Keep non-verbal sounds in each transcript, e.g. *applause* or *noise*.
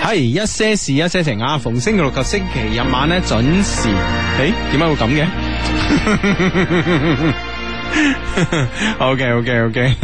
係一些事，一些情啊！逢星期六及星期日晚咧，準時。誒、欸，點解會咁嘅？ *laughs* O K O K O K，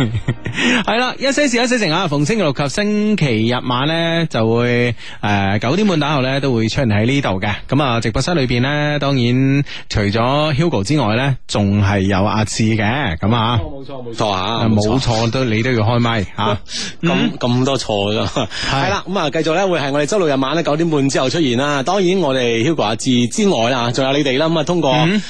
係啦，一些事一些情啊，逢星期六及星期日晚咧就是、會誒九點半打後咧都會出現喺呢度嘅。咁啊，直播室裏邊咧，當然除咗 Hugo 之外咧，仲係有阿志嘅。咁啊，冇錯冇錯啊，冇錯都你都要開麥啊。咁咁多錯噶，係 *laughs* 啦。咁啊，繼續咧會係我哋周六日晚咧九點半之後出現啦。ayo 當然我哋 Hugo 阿志之外啦，仲有你哋啦。咁啊，通過、呃。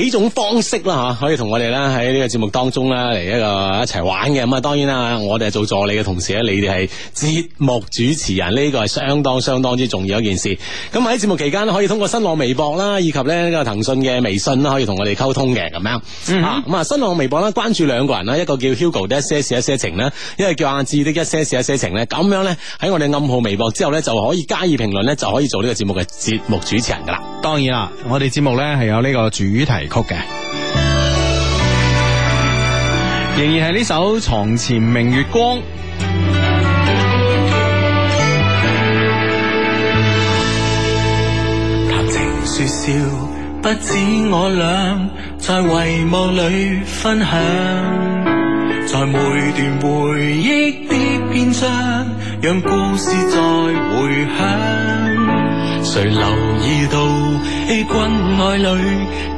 幾種方式啦，吓可以同我哋咧喺呢個節目當中咧嚟一個一齊玩嘅。咁啊！當然啦，我哋係做助理嘅同時咧，你哋係節目主持人，呢個係相當相當之重要一件事。咁喺節目期間咧，可以通過新浪微博啦，以及呢個騰訊嘅微信啦，可以同我哋溝通嘅咁樣。嗯、哼啊，咁啊新浪微博咧關注兩個人啦，一個叫 Hugo 的一些事一些情啦，一個叫阿志的一些事一些情咧，咁樣咧喺我哋暗號微博之後咧就可以加以評論咧就可以做呢個節目嘅節目主持人噶啦。當然啦，我哋節目咧係有呢個主題。曲嘅，仍然係呢首床前明月光。談情說笑，不止我倆在遺忘裏分享，在每段回憶的篇章，讓故事再回響。誰留意到君愛侶？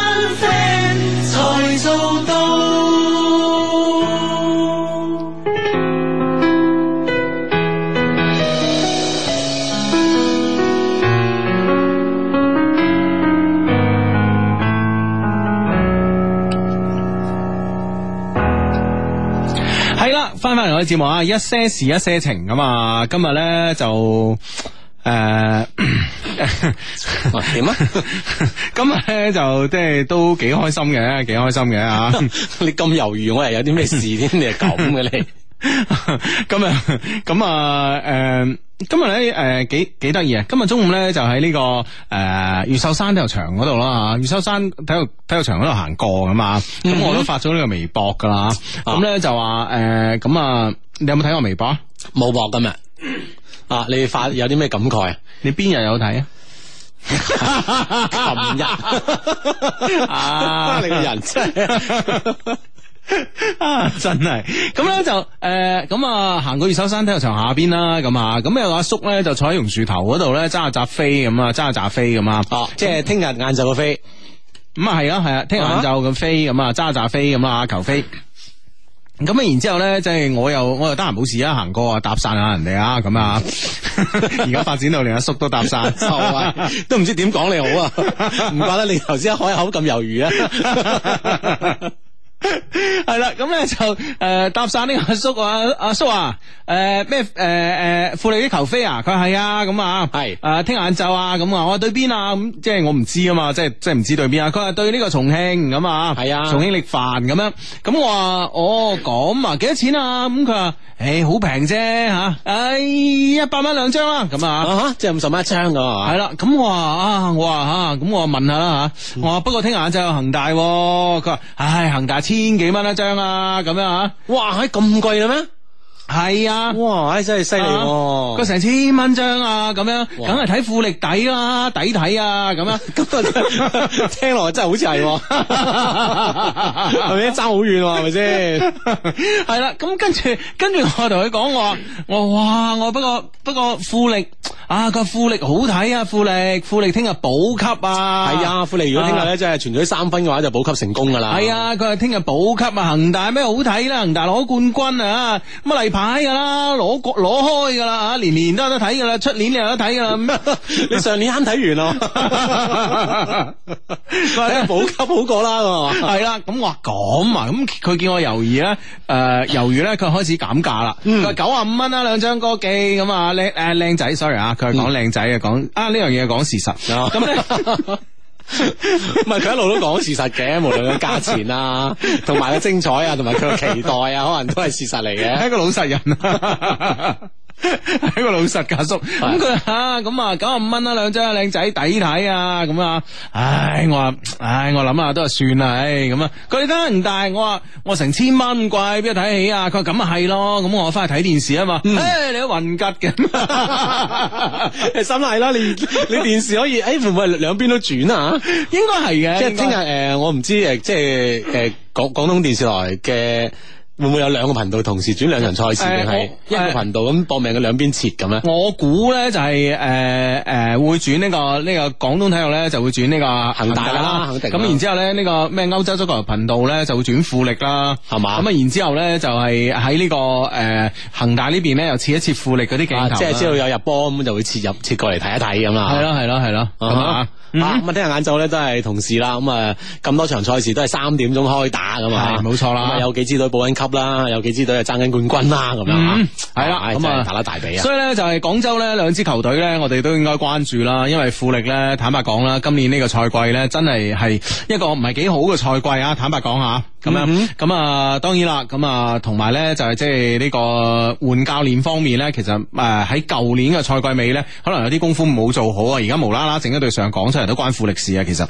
節目啊，一些事一些情咁啊，今日咧就誒點啊？今日咧就即係都幾開心嘅，幾開心嘅啊！ *coughs* 你咁猶豫，我係有啲咩事添？ *coughs* 你係咁嘅你？咁、 *laughs* 嗯這個呃、啊，咁啊，誒，今日咧，誒，幾幾得意啊！今日中午咧就喺呢個誒越秀山體育場嗰度啦，吓，越秀山體育體育場嗰度行過啊嘛，咁、嗯、我都發咗呢個微博噶啦，咁咧就話誒，咁啊、嗯嗯，你有冇睇我微博？冇博今日，啊，你發有啲咩感慨啊？你邊日有睇啊？琴日啊，你個人真係。 *laughs* *laughs* *laughs* 啊，真係咁咧就誒，咁、呃、啊行過越秀山體育場下邊啦，咁啊，咁又阿叔咧就坐喺榕樹頭嗰度咧，揸下紮飛咁啊，揸下扎飛咁啊，即係聽日晏晝個飛，咁啊係啊係啊，聽日晏晝咁飛咁啊，揸下紮飛咁啊，求飛，咁啊，然之後咧即係我又我又得閒冇事啊，行過啊，搭訕下人哋啊，咁啊，而家 *laughs* 發展到連阿叔，叔都搭訕， *laughs* 都唔知點講你好啊，唔怪得你頭先開口咁猶豫啊。 *laughs* 係啦，咁咧就誒搭訕，呢個阿叔啊，阿叔啊，誒咩誒誒富力啲球飛啊？佢係啊，咁啊係誒聽日晏晝啊，咁啊我對邊啊？咁即係我唔知啊嘛，即係即係唔知對邊啊？佢話對呢個重慶咁啊，係啊，重慶力帆咁樣。咁我話哦咁啊，幾多錢啊？咁佢話誒好平啫吓，誒一百蚊兩張啦，咁啊，即係五十蚊一張噶。係啦，咁我話啊，我話吓，咁我問下啦吓。我話不過聽日晏晝有恒大，佢話唉恒大。千幾蚊一張啊，咁樣吓，啊，哇，係咁貴嘅咩？係啊，哇，唉，真係犀利，佢成千蚊張啊，咁、啊啊、樣，梗係睇富力抵啦，抵睇啊，咁樣，咁 *laughs* 啊，聽落真係好似係，係咪爭好遠喎，係咪先？係啦，咁跟住，跟住我同佢講話我，我哇，我不過不過富力啊，個富力好睇啊，富力，富力聽日補級啊，係 *noise* 啊，富力如果聽日咧真係存咗三分嘅話，就補級成功噶啦，係啊，佢話聽日補級啊，恒大咩好睇啦、啊，恒大攞冠軍啊，咁啊，嚟買噶啦，攞國攞開噶啦，吓年年都有得睇噶啦，出年又有得睇噶啦。 *laughs* 你上年啱睇完咯，佢話補級好過啦，係 *laughs* 啦。咁我話咁、呃嗯嗯、啊，咁佢見我猶豫咧，誒，猶豫咧，佢開始減價啦。佢話九十五蚊啦，兩張歌記咁啊，靚誒，靚仔，sorry 啊，佢係講靚仔嘅，講啊呢樣嘢講事實。咁、啊。 *laughs* *laughs* 唔係佢一路都講事實嘅，無論個價錢啊，同埋個精彩啊，同埋佢嘅期待啊，可能都係事實嚟嘅，係一個老實人。 *laughs* 係個 *laughs* 老實家叔，叔，咁佢是啊，咁啊九十五蚊啦，兩張靚仔抵睇啊，咁啊，唉、哎，我話，唉、哎，我諗下都係算啦，唉、哎，咁啊，佢哋得唔大，我話我成千蚊貴，邊個睇起啊？佢話咁啊係咯，咁我翻去睇電視啊嘛，唉、哎，你都雲格嘅， *laughs* *laughs* *laughs* 心大啦，你你電視可以，誒、哎，會唔會兩邊都轉啊？應該係嘅，即係聽日誒，我唔知誒，即係誒廣廣東電視台嘅。會唔會有兩個頻道同時轉兩場賽事定係、呃、一個頻道咁搏、呃、命嘅兩邊切咁咧？我估咧就係誒誒會轉呢、這個呢、這個廣東體育咧就會轉呢個恒大，大啦，咁然之後咧呢、這個咩歐洲足球頻道咧就會轉富力啦，係嘛嗎？咁啊然之後咧就係喺呢個誒恒、呃、大呢邊咧又切一切富力嗰啲鏡頭，啊、即係知道有入波咁就會切入切過嚟睇一睇咁啦。係咯係咯係咯， *laughs* 啊咁啊！聽日晏晝咧都係同事啦，咁啊咁多場賽事都係三點鐘開打㗎嘛，冇錯、啊、啦。有幾支隊保緊級啦，有幾支隊係爭緊冠軍啦，咁樣吓。係啦，咁啊打甩大髀啊。嗯 uh, 所以咧就係、是、廣州呢兩支球隊咧，我哋都應該關注啦。因為富力咧坦白講啦，今年個賽呢個賽季咧真係係一個唔係幾好嘅賽季啊。坦白講下，咁樣咁啊當然啦，咁啊同埋咧就係即係呢個換教練方面咧，其實誒喺舊年嘅賽季尾咧，可能有啲功夫冇做好啊。而家無啦啦整一隊上港出。都關富力事啊！其實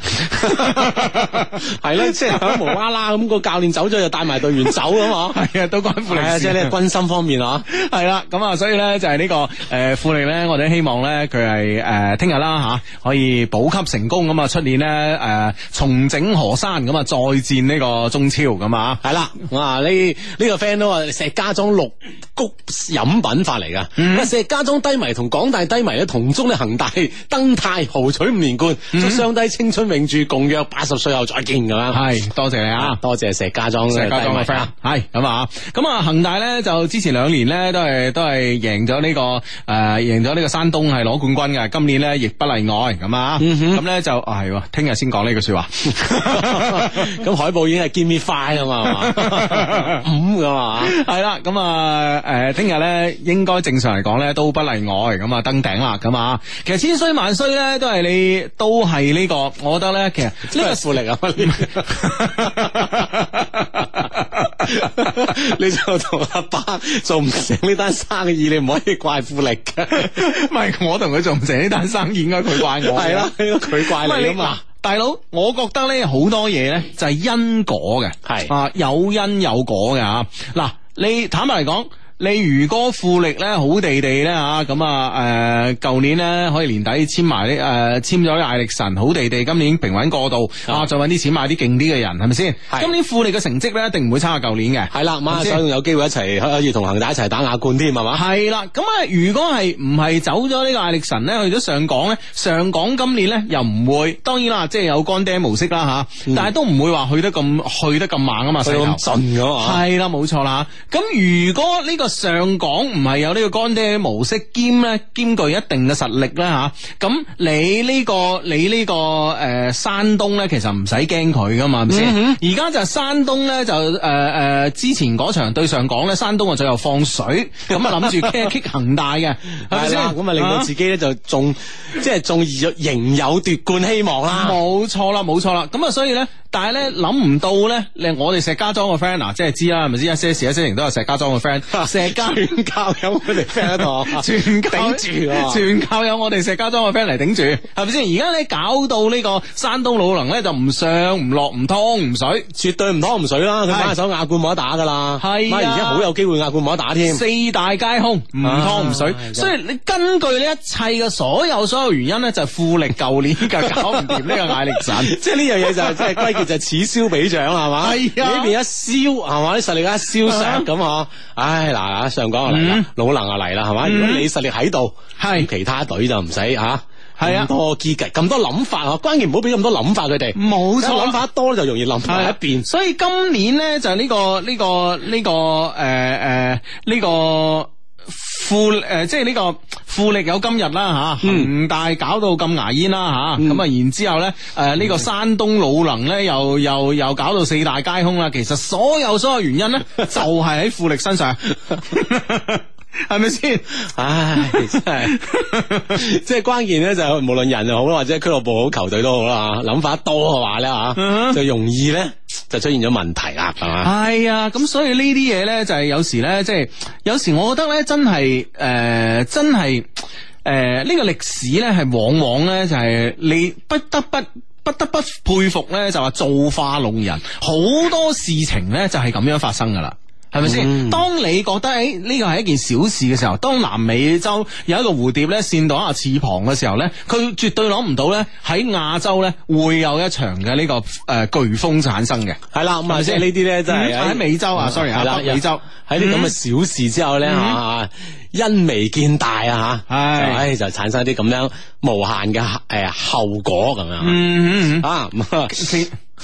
係咧，即係無啦啦咁，嗰個教練走咗，就帶埋隊員走啊嘛！係 *laughs* 啊，都關富力事，啊，即係、 *laughs* 就是，軍心方面啊！係啦，咁啊，所以咧就係呢、呢個誒、呃，富力咧，我哋希望咧佢係誒聽日啦吓，呃、可以保級成功咁啊，出年呢，誒、呃、重整河山咁啊，再戰呢個中超咁啊！係啦，哇！呢呢、呢個 friend 都話石家莊六谷飲品法嚟噶，嗯、石家莊低，低迷同廣大低迷啊，同中嘅恒大登泰豪取五連冠。祝上帝青春永駐，共約八十歲後再見咁樣。係，多謝你啊，多謝石家莊，石家莊嘅 friend。係咁啊，咁啊恒大咧就之前兩年咧都係都係贏咗呢個誒贏咗呢個山東係攞冠軍嘅，今年咧亦不例外咁啊。咁咧就係喎，聽日先講呢句說話。咁海報已經係 Give me five 啊嘛，五咁啊，係啦。咁啊誒，聽日咧應該正常嚟講咧都不例外咁啊登頂啦咁啊。其實千衰萬衰咧都係你都。都係呢、這個，我覺得咧，其實呢個富力啊，你就同阿伯，做唔成呢單生意，你唔可以怪富力嘅。唔 *laughs* 係我同佢做唔成呢單生意，應該佢怪我係啦，佢 *laughs* 怪你啊嘛， *laughs* 大佬，我覺得咧好多嘢咧就係、是、因果嘅，係是啊，有因有果嘅啊，嗱，你坦白嚟講。你如果富力咧好地地咧嚇咁啊誒，舊年咧可以年底簽埋誒簽咗艾力神，好地地今年平穩過渡啊，再揾啲錢買啲勁啲嘅人係咪先？今年富力嘅成績咧一定唔會差過舊年嘅。係啦，馬上有機會一齊可以同恒大一齊打亞冠添係嘛？係啦，咁啊如果係唔係走咗呢個艾力神咧去咗上港咧？上港今年咧又唔會，當然啦，即係有乾爹模式啦嚇，但係都唔會話去得咁去得咁猛啊嘛，去咁盡嘅嘛。係啦，冇錯啦，咁如果呢個上港唔係有呢個乾爹模式，兼咧兼具一定嘅實力啦吓。咁、啊、你呢、這個你呢、這個誒、呃、山東咧，其實唔使驚佢噶嘛，係咪先？而家、嗯、哼就係山東咧就誒誒、呃、之前嗰場對上港咧，山東啊最後放水，咁啊諗住 kick 恒大嘅係咪先？咁啊 *laughs* 令到自己咧、啊、就仲即係仲仍有奪冠希望啦。冇錯啦，冇錯啦。咁啊所以咧，但係咧諗唔到咧，誒我哋石家莊嘅 friend 嗱，即係知啦，係咪先？一些事一些情都係石家莊嘅 friend。全靠有我哋 fans 嗬，全頂住，全靠有我哋石家莊嘅 fans 嚟頂住，係咪先？而家咧搞到呢個山東魯能咧，就唔上唔落唔湯唔水，絕對唔湯唔水啦。佢翻手亞冠冇得打噶啦，係啊，而家好有機會亞冠冇得打添。四大皆空，唔湯唔水。所以你根據呢一切嘅所有所有原因咧，就富力舊年嘅搞唔掂呢個艾力神，即係呢樣嘢就係即係歸結就係此消彼長，係嘛？呢邊一消係嘛？呢實力一消散咁啊！唉嗱。啊！上講我嚟啦，嗯、老能我嚟啦，係嘛？嗯、如果你實力喺度，係是其他隊就唔使吓，咁、啊啊、多機計，咁多諗法，啊、法，關鍵唔好俾咁多諗法佢哋，冇錯，諗法多就容易諗翻一邊。啊、所以今年咧就係呢個呢個呢個誒誒呢個副誒，即係呢個。這個這個呃呃這個富力有今日啦吓，恒、嗯、大搞到咁牙煙啦吓，咁啊、嗯、然之後咧，誒、呃、呢、呢個山東魯能咧又又又搞到四大皆空啦，其實所有所有原因咧 *laughs* 就係喺富力身上。 *laughs* 係咪先？唉，真係， *laughs* 即係關鍵咧，就係無論人又好啦，或者俱樂部好，球隊都好啦，諗法多嘅話咧，吓、uh huh. 就容易咧就出現咗問題啦，係嘛？係啊，咁所以呢啲嘢咧就係、是、有時咧，即、就、係、是、有時我覺得咧真係，誒，真係，誒、呃，真呃這個、歷呢個歷史咧係往往咧就係、是、你不得不，不得不佩服咧就話、是、造化弄人，好多事情咧就係、是、咁樣發生噶啦。係咪先？當你覺得誒呢個係一件小事嘅時候，當南美洲有一個蝴蝶咧扇動下翅膀嘅時候咧，佢絕對攞唔到咧喺亞洲咧會有一場嘅呢個誒颶風產生嘅。係啦，咁啊即係呢啲咧就係喺美洲啊，sorry，係啦美洲喺啲咁嘅小事之後咧啊，因微見大啊吓，唉就產生啲咁樣無限嘅誒後果咁啊。啊，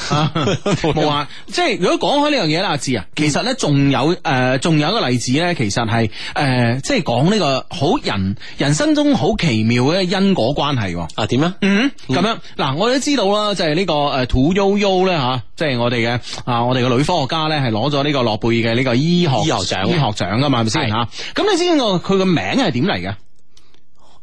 冇 *laughs* 啊！即係如果講開呢樣嘢啦，志啊，其實咧仲有誒，仲、呃、有一個例子咧，其實係誒、呃，即係講呢個好人人生中好奇妙嘅因果關係。啊，點樣？嗯，咁樣。嗱，我都知道啦，就係呢個誒，屠呦呦咧吓，即係我哋嘅啊，我哋嘅女科學家咧，係攞咗呢個諾貝爾嘅呢個醫學醫學獎嘅嘛，係咪先吓？咁你知唔知個佢個名係點嚟嘅？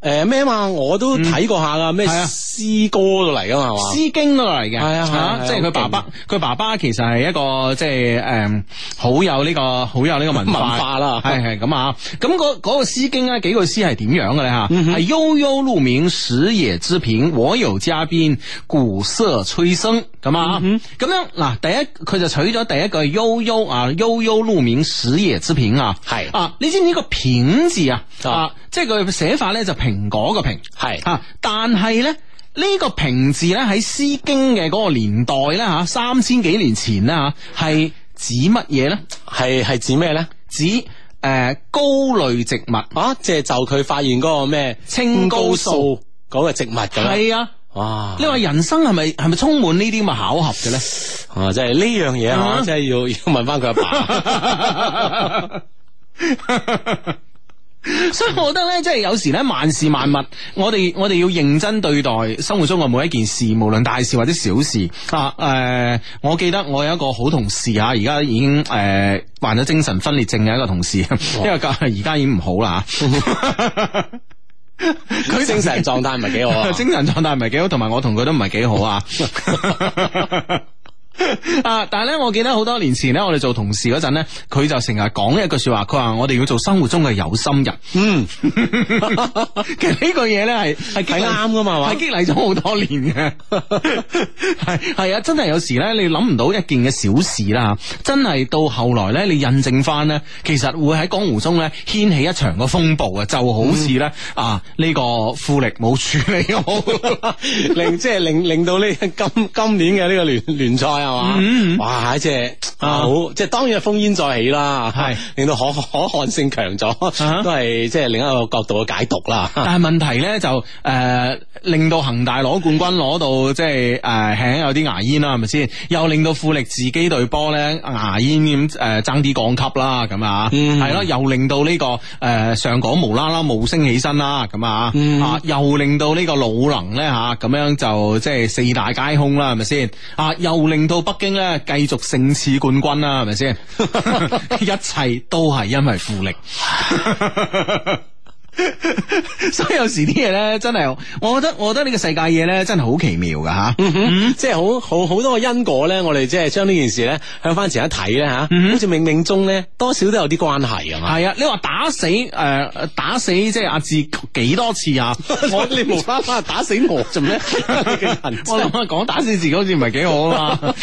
誒咩啊嘛？我都睇過下啦咩詩歌到嚟噶嘛？係嘛？詩經到嚟嘅，係啊，吓即係佢爸爸，佢爸爸其實係一個即係誒，好有呢個好有呢個文文化啦。係係咁啊，咁嗰嗰個詩經咧，幾句詩係點樣嘅咧吓？係悠悠鹿鳴食野之蘋，我有嘉賓，鼓瑟吹笙。咁啊，咁樣嗱，第一佢就取咗第一句悠悠啊，悠悠鹿鳴食野之蘋啊。係啊，你知唔知個蘋字啊，啊，即係佢寫法咧就蘋。蘋果，嗰個蘋係吓，但係咧呢個蘋字咧喺《詩經》嘅嗰個年代咧吓、啊，三千幾年前咧吓，係、啊、指乜嘢咧？係係指咩咧？指誒、呃、高類植物啊，即係就佢發現嗰個咩青蒿素嗰個植物噶啦。係啊，哇！你話人生係咪係咪充滿呢啲咁嘅巧合嘅咧？啊，即係呢樣嘢啊，啊即係要要問翻佢阿爸，爸。 *laughs* *laughs* 所以我覺得咧，即係有時咧，萬事萬物，我哋我哋要認真對待生活中嘅每一件事，無論大事或者小事啊。誒、呃，我記得我有一個好同事啊，而家已經誒、呃、患咗精神分裂症嘅一個同事，因為而家已經唔好啦。佢 *laughs* *laughs* 精神狀態唔係幾好， *laughs* 精神狀態唔係幾好，同埋 *laughs* 我同佢都唔係幾好啊。 *laughs* *laughs* 啊！ *laughs* 但係咧，我記得好多年前咧，我哋做同事嗰陣咧，佢就成日講一句說話，佢話我哋要做生活中嘅有心人。嗯， *laughs* 其實呢句嘢咧係係啱噶嘛？係激勵咗好多年嘅，係係啊！真係有時咧，你諗唔到一件嘅小事啦，真係到後來咧，你印證翻咧，其實會喺江湖中咧掀起一場嘅風暴啊！就好似咧、嗯、啊，呢、這個富力冇處理好， *laughs* *laughs* 令即係令令到呢今今年嘅呢個聯聯賽。係嘛，嗯嗯哇！即係、呃、好，即係當然係烽煙再起啦，係令到可可看性強咗，哈哈都係即係另一個角度嘅解讀啦。啊、但係問題咧就誒、呃，令到恆大攞冠軍攞到即係誒，響、就是呃、有啲牙煙啦，係咪先？又令到富力自己隊波咧牙煙咁誒，爭啲降級啦咁啊，係咯？又令到呢個誒上港無啦啦無聲起身啦，咁啊，又令到個呢個魯能咧吓咁樣就即、是、係四大皆空啦，係咪先？啊， 啊，又令到、這個。啊啊呃 private 到北京咧，繼續勝似冠軍啦，係咪先？ *laughs* 一切都係因為富力。 *laughs* *laughs* *laughs* 所以有時啲嘢咧，真係我覺得，我覺得呢個世界嘢咧，真係好奇妙噶吓，mm hmm. 即係好好好多嘅因果咧。我哋即係將呢件事咧向翻前一睇咧吓，好似冥冥中咧多少都有啲關係啊嘛。係啊，你話打死誒、呃，打死即係阿志幾多次啊？ *laughs* 我你冇辦法打死我做咩？我諗下講打死自己好似唔係幾好啊嘛。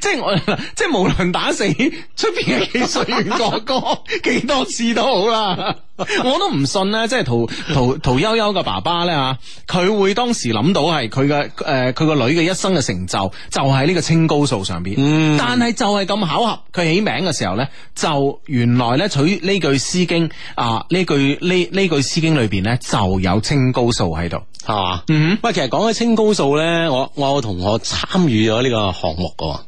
即係我即係無論打死出邊嘅幾歲嘅哥哥幾多次都好啦。 *laughs* 我都唔信咧，即係陶陶陶悠悠嘅爸爸咧吓，佢、啊、會當時諗到係佢嘅誒，佢、呃、個女嘅一生嘅成就就喺、是、呢個清高數上邊。嗯，但係就係咁巧合，佢起名嘅時候咧，就原來咧取呢句詩經啊，呢句呢呢句詩經裏邊咧就有清高數喺度，係嘛吧？嗯哼，喂，其實講起清高數咧，我我同學參與咗呢個項目嘅。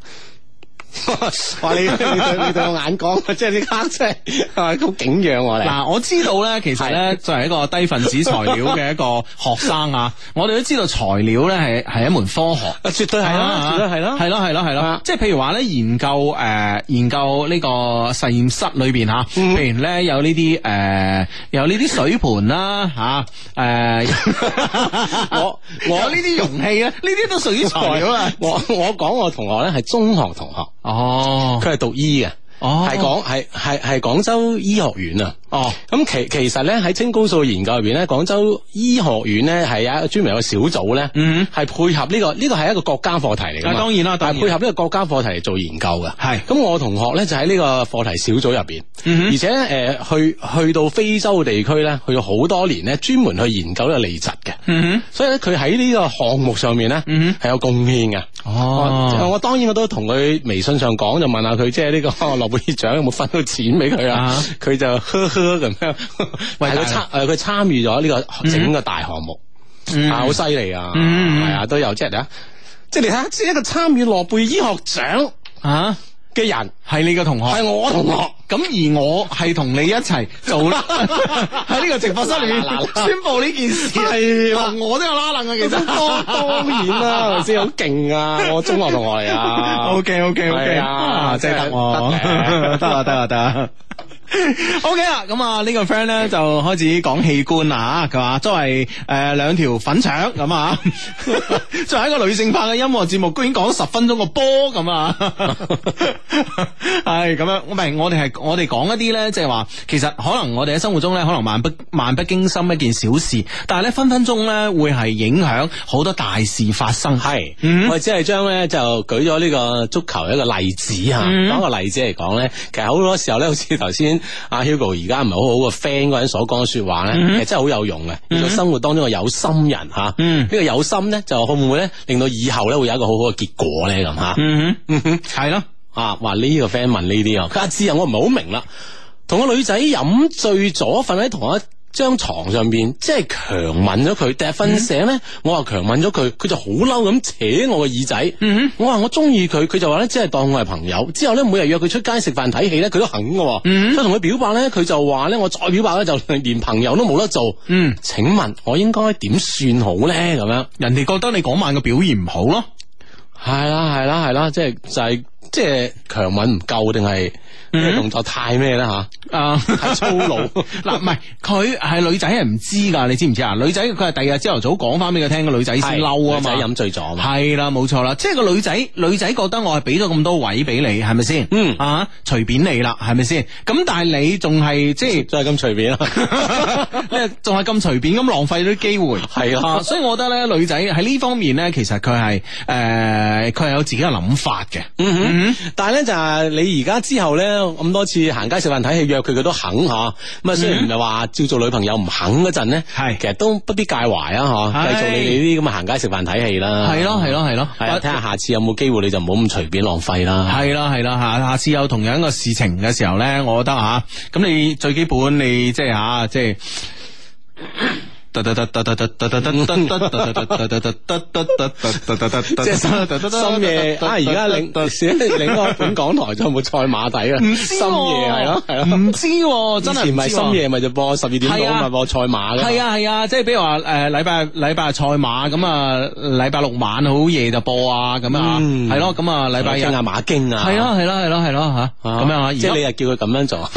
話你你你對我眼光，即係你真係係咁景仰我嚟。嗱，我知道咧，其實咧，作為一個低分子材料嘅一個學生啊，我哋都知道材料咧係係一門科學，絕對係啦，絕對係啦，係咯係咯係咯。即係譬如話咧，研究誒研究呢個實驗室裏邊吓，譬如咧有呢啲誒有呢啲水盆啦吓，誒我我有呢啲容器啊，呢啲都屬於材料啊。我我講我同學咧係中學同學。哦，佢係讀醫嘅，哦，係講，係係係廣州醫學院啊。哦，咁其其實咧喺青蒿素研究入邊咧，廣州醫學院咧係有一個專門有個小組咧，嗯哼，係配合呢、這個呢、這個係一個國家課題嚟，嘅。係當然啦，但係配合呢個國家課題嚟做研究嘅，係是，咁我同學咧就喺呢個課題小組入邊，嗯、哼而且誒去去到非洲地區咧，去咗好多年咧，專門去研究呢個痢疾嘅，嗯、哼所以咧佢喺呢個項目上面咧，嗯哼，係有貢獻嘅，哦我，我當然我都同佢微信上講，就問下佢即係呢個諾貝爾獎有冇分到錢俾佢啊，佢就呵呵。咁樣，係佢參誒佢參與咗呢個整個大項目，啊好犀利啊，係啊都有，即係咧，即係你睇下，即係一個參與諾貝爾醫學獎啊嘅人，係你嘅同學，係我同學，咁而我係同你一齊做啦，喺呢個直播室裏面宣佈呢件事，係我都有拉楞嘅，其實當然啦，先好勁啊，我中學同學嚟啊，OK OK OK，啊真係得我，得啦得啦得。O K 啦，咁啊呢個 friend 咧就開始講器官啦吓，佢話作為誒、呃、兩條粉腸咁啊， *laughs* 作為一個女性化嘅音樂節目，居然講十分鐘個波咁啊，係咁樣，唔係 *laughs* 我哋係我哋講一啲咧，即係話其實可能我哋喺生活中咧，可能萬不萬不經心一件小事，但係咧分分鐘咧會係影響好多大事發生，係是，嗯、我哋只係將咧就舉咗呢個足球一個例子啊。攞、嗯、個例子嚟講咧，其實好多時候咧，好似頭先。阿 Hugo 而家唔係好好個 friend 嗰人所講嘅說話咧，其、mm hmm. 真係好有用嘅。如果、mm hmm. 生活當中嘅有心人吓，嗯、mm，呢、hmm. 個有心咧就會唔會咧令到以後咧會有一個好好嘅結果咧咁吓？嗯哼，嗯哼，係咯、這個，啊話呢個 friend 問呢啲啊，阿志啊，我唔係好明啦，同個女仔飲醉咗，瞓喺同一。張床上邊，即係強吻咗佢，第日瞓醒咧我話強吻咗佢，佢就好嬲咁扯我個耳仔。嗯、哼我話我中意佢，佢就話咧即係當我係朋友。之後咧每日約佢出街食飯睇戲咧，佢都肯嘅。再同佢表白咧，佢就話咧我再表白咧就連，連朋友都冇得做。嗯、請問我應該點算好咧？咁樣、嗯、人哋覺得你嗰晚嘅表現唔好咯，係啦係啦係啦，即係就係、是。即係強吻唔夠定係咩動作太咩咧吓？啊，太粗魯嗱，唔係佢係女仔係唔知噶，你知唔知啊？女仔佢係第二日朝頭早講翻俾佢聽，個女仔先嬲啊嘛。女仔飲醉咗，係啦，冇錯啦。即係個女仔，女仔覺得我係俾咗咁多位俾你，係咪先？嗯啊，隨便你啦，係咪先？咁但係你仲係即係仲係咁隨便啊？仲係咁隨便咁浪費啲機會？係啊，所以我覺得咧，女仔喺呢方面咧，其實佢係誒，佢係有自己嘅諗法嘅。嗯、但係咧就係、是、你而家之後咧咁多次行街食飯睇戲約佢佢都肯吓。咁啊、嗯、哼雖然唔係話照做女朋友唔肯嗰陣咧，係是其實都不必介懷啊吓，繼是續你哋呢啲咁嘅行街食飯睇戲啦，係咯係咯係咯，睇下的是下次有冇機會你就唔好咁隨便浪費啦，係啦係啦吓，下次有同樣一個事情嘅時候咧，我覺得吓咁、啊、你最基本你即係吓即係。就是啊就是啊即係深夜啊！而家領選領開本港台就冇賽馬底啊？唔知喎，係咯係咯，唔知喎。唔係深夜咪就播十二點咪播賽馬嘅。係啊係啊，即係比如話誒禮拜禮拜賽馬咁啊禮拜六晚好夜就播啊咁啊係咯咁啊禮拜日啊馬經啊係咯係咯係咯係咯吓咁樣啊！而家你又叫佢咁樣做，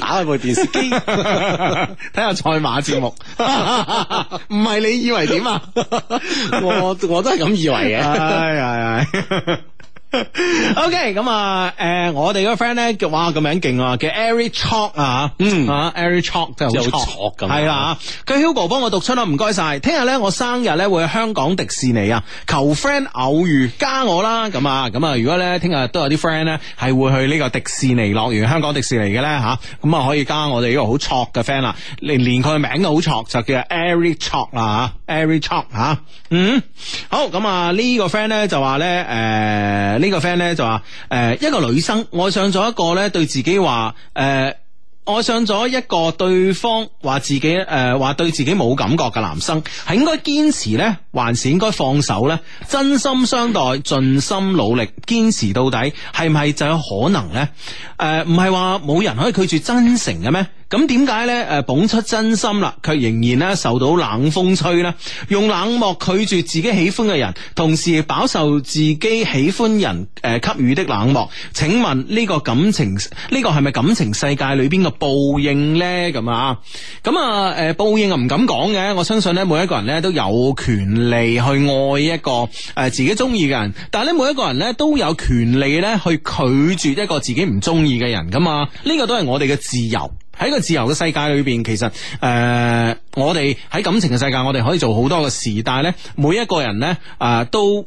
打開部電視機睇下賽馬。打節目，唔係 *laughs* 你以為點啊？ *laughs* 我我都係咁以為嘅，係係。OK，咁啊，誒，我哋個 friend 咧叫哇，個名勁啊，叫 Eric Chok 啊，嗯啊，Eric Chok 真係好 chok 咁，係啊，佢 Hugo 幫我讀出啦，唔該晒。聽日咧我生日咧會去香港迪士尼啊，求 friend 偶遇加我啦，咁啊，咁啊，如果咧聽日都有啲 friend 咧係會去呢個迪士尼樂園香港迪士尼嘅咧吓，咁啊可以加我哋呢個好 chok 嘅 friend 啦，連連佢個名都好 chok，就叫 Eric Chok 啦，Eric Chok 吓，嗯，好，咁啊呢個 friend 咧就話咧，誒。呢個 friend 咧就話，誒，一個女生愛上咗一個咧對自己話，誒、呃，愛上咗一個對方話自己，誒、呃，話對自己冇感覺嘅男生，係應該堅持呢？還是應該放手呢？真心相待，盡心努力，堅持到底，係唔係就有可能呢？誒、呃，唔係話冇人可以拒絕真誠嘅咩？咁點解呢？誒，捧出真心啦，卻仍然咧受到冷風吹啦。用冷漠拒絕自己喜歡嘅人，同時飽受自己喜歡人誒給予的冷漠。請問呢個感情呢個係咪感情世界裏邊嘅報應呢？咁啊，咁啊，誒，報應我唔敢講嘅。我相信呢，每一個人呢都有權利去愛一個誒自己中意嘅人，但係咧，每一個人呢都有權利咧去拒絕一個自己唔中意嘅人噶嘛。呢個都係我哋嘅自由。喺一個自由嘅世界裏邊，其實誒、呃，我哋喺感情嘅世界，我哋可以做好多嘅事。但係咧，每一個人咧，誒、呃、都。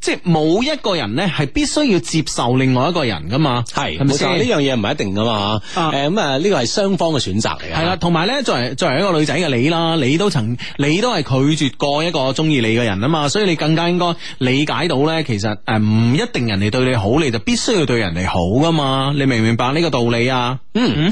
即係冇一個人咧，係必須要接受另外一個人噶嘛，係，冇錯，呢樣嘢唔係一定噶嘛，誒，咁啊，嗯、雙呢個係雙方嘅選擇嚟嘅。係啦，同埋咧，作為作為一個女仔嘅你啦，你都曾，你都係拒絕過一個中意你嘅人啊嘛，所以你更加應該理解到咧，其實誒，唔一定人哋對你好，你就必須要對人哋好噶嘛，你明唔明白呢個道理啊？嗯，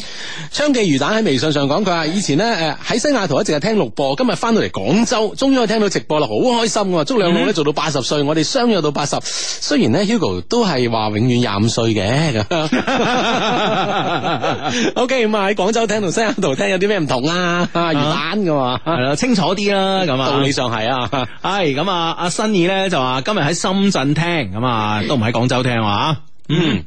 槍記魚蛋喺微信上講，佢話以前咧，誒，喺西雅圖一直係聽錄播，今日翻到嚟廣州，終於可以聽到直播啦，好開心噶，祝兩老咧做到八十歲，我哋相、嗯。到八十，雖然咧 Hugo 都係話永遠廿五歲嘅。 *laughs* *laughs* OK，咁啊喺廣州聽同西罕布聽有啲咩唔同啊？啊魚蛋嘅嘛，係啦，清楚啲啦。咁啊，道理上係啊。係咁啊，阿、啊啊、新意咧就話今日喺深圳聽咁啊，都唔喺廣州聽啊。嗯。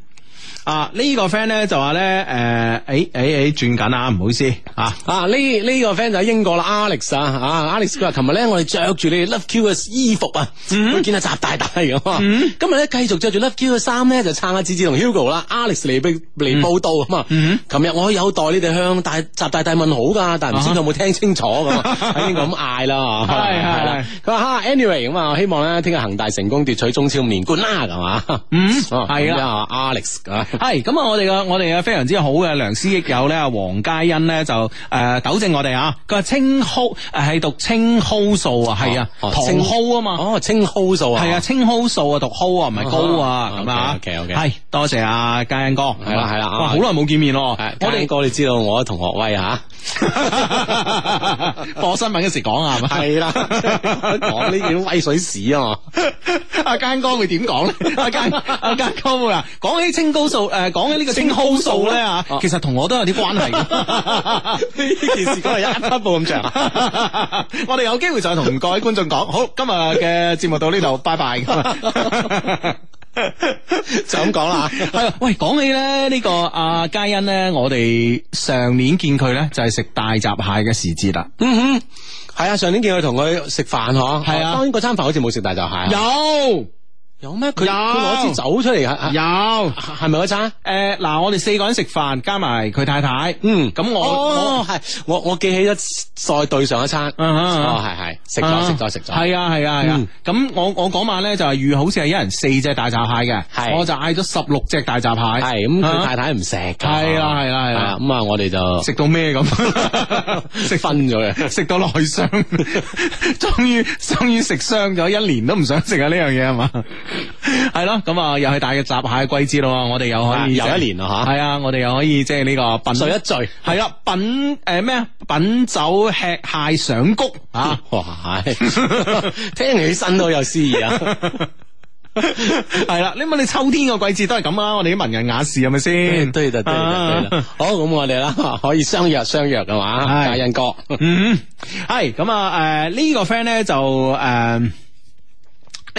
啊！呢個 friend 咧就話咧，誒，誒，誒，轉緊啦，唔好意思，啊，啊，呢呢個 friend 就喺英國啦，Alex 啊，啊，Alex 佢話，琴日咧我哋着住你哋 Love Q 嘅衣服啊，我見阿習大大咁，今日咧繼續着住 Love Q 嘅衫咧就撐下子子同 Hugo 啦，Alex 嚟報嚟報道咁啊，琴日我有代你哋向大習大大問好噶，但係唔知有冇聽清楚咁，喺英國咁嗌啦，係係啦，佢話 Anyway 咁啊，希望咧聽日恒大成功奪取中超冠軍啦，係嘛，係啊，Alex 係咁啊！我哋嘅我哋嘅非常之好嘅良師益友咧，黃佳欣咧就誒糾正我哋啊，佢話青蒿誒係讀青蒿素啊，係啊，茼蒿啊嘛，哦，青蒿素啊，係啊，青蒿素啊讀蒿啊，唔係高啊，咁啊 OK OK，係多謝阿佳欣哥，係啦係啦，好耐冇見面哦，佳欣哥你知道我同學威吓，播新聞嗰時講啊，係啦，講呢件威水史啊，嘛。阿佳欣哥會點講咧？阿佳阿佳哥啦，講起青蒿素。誒，講緊呢個清空數咧，吓、啊、其實同我都有啲關係。呢件 *laughs* 事都係一步咁長。 *laughs* *laughs* 我哋有機會再同各位觀眾講，好，今日嘅節目到呢度，拜拜。就咁講啦。喂，講起咧呢、這個阿嘉欣咧，我哋上年見佢咧就係、是、食大閘蟹嘅時節啦。嗯哼，係啊，上年見佢同佢食飯嗬，係啊， *laughs* 當然嗰餐飯好似冇食大閘蟹。 *laughs* 有。有咩？佢佢攞支酒出嚟啊！有係咪嗰餐？誒，嗱，我哋四個人食飯，加埋佢太太。嗯，咁我我係我我記起咗再對上一餐。哦，係係食咗食咗食咗。係啊係啊係啊。咁我我嗰晚咧就係預好似係一人四隻大閘蟹嘅，係我就嗌咗十六隻大閘蟹。係咁，佢太太唔食。係啦係啦係啦。咁啊，我哋就食到咩咁？食昏咗嘅，食到內傷，終於終於食傷咗，一年都唔想食啊呢樣嘢係嘛。係咯，咁啊、嗯、又係大嘅閘蟹季節咯，我哋又可以又一年啦，吓，係啊、嗯，我哋又可以即係呢個品聚一聚，係啦，品誒咩啊，品酒吃蟹賞菊啊，哇， *laughs* 聽起身都有詩意啊，係 *laughs* 啦，你問你秋天個季節都係咁啊，我哋啲文人雅士係咪先？對對、啊、對，好，咁我哋啦可以相約相約㗎嘛，大印的哥嗯，嗯，係咁啊，誒、嗯呃這個、呢個 friend 咧就誒。呃嗯呃呃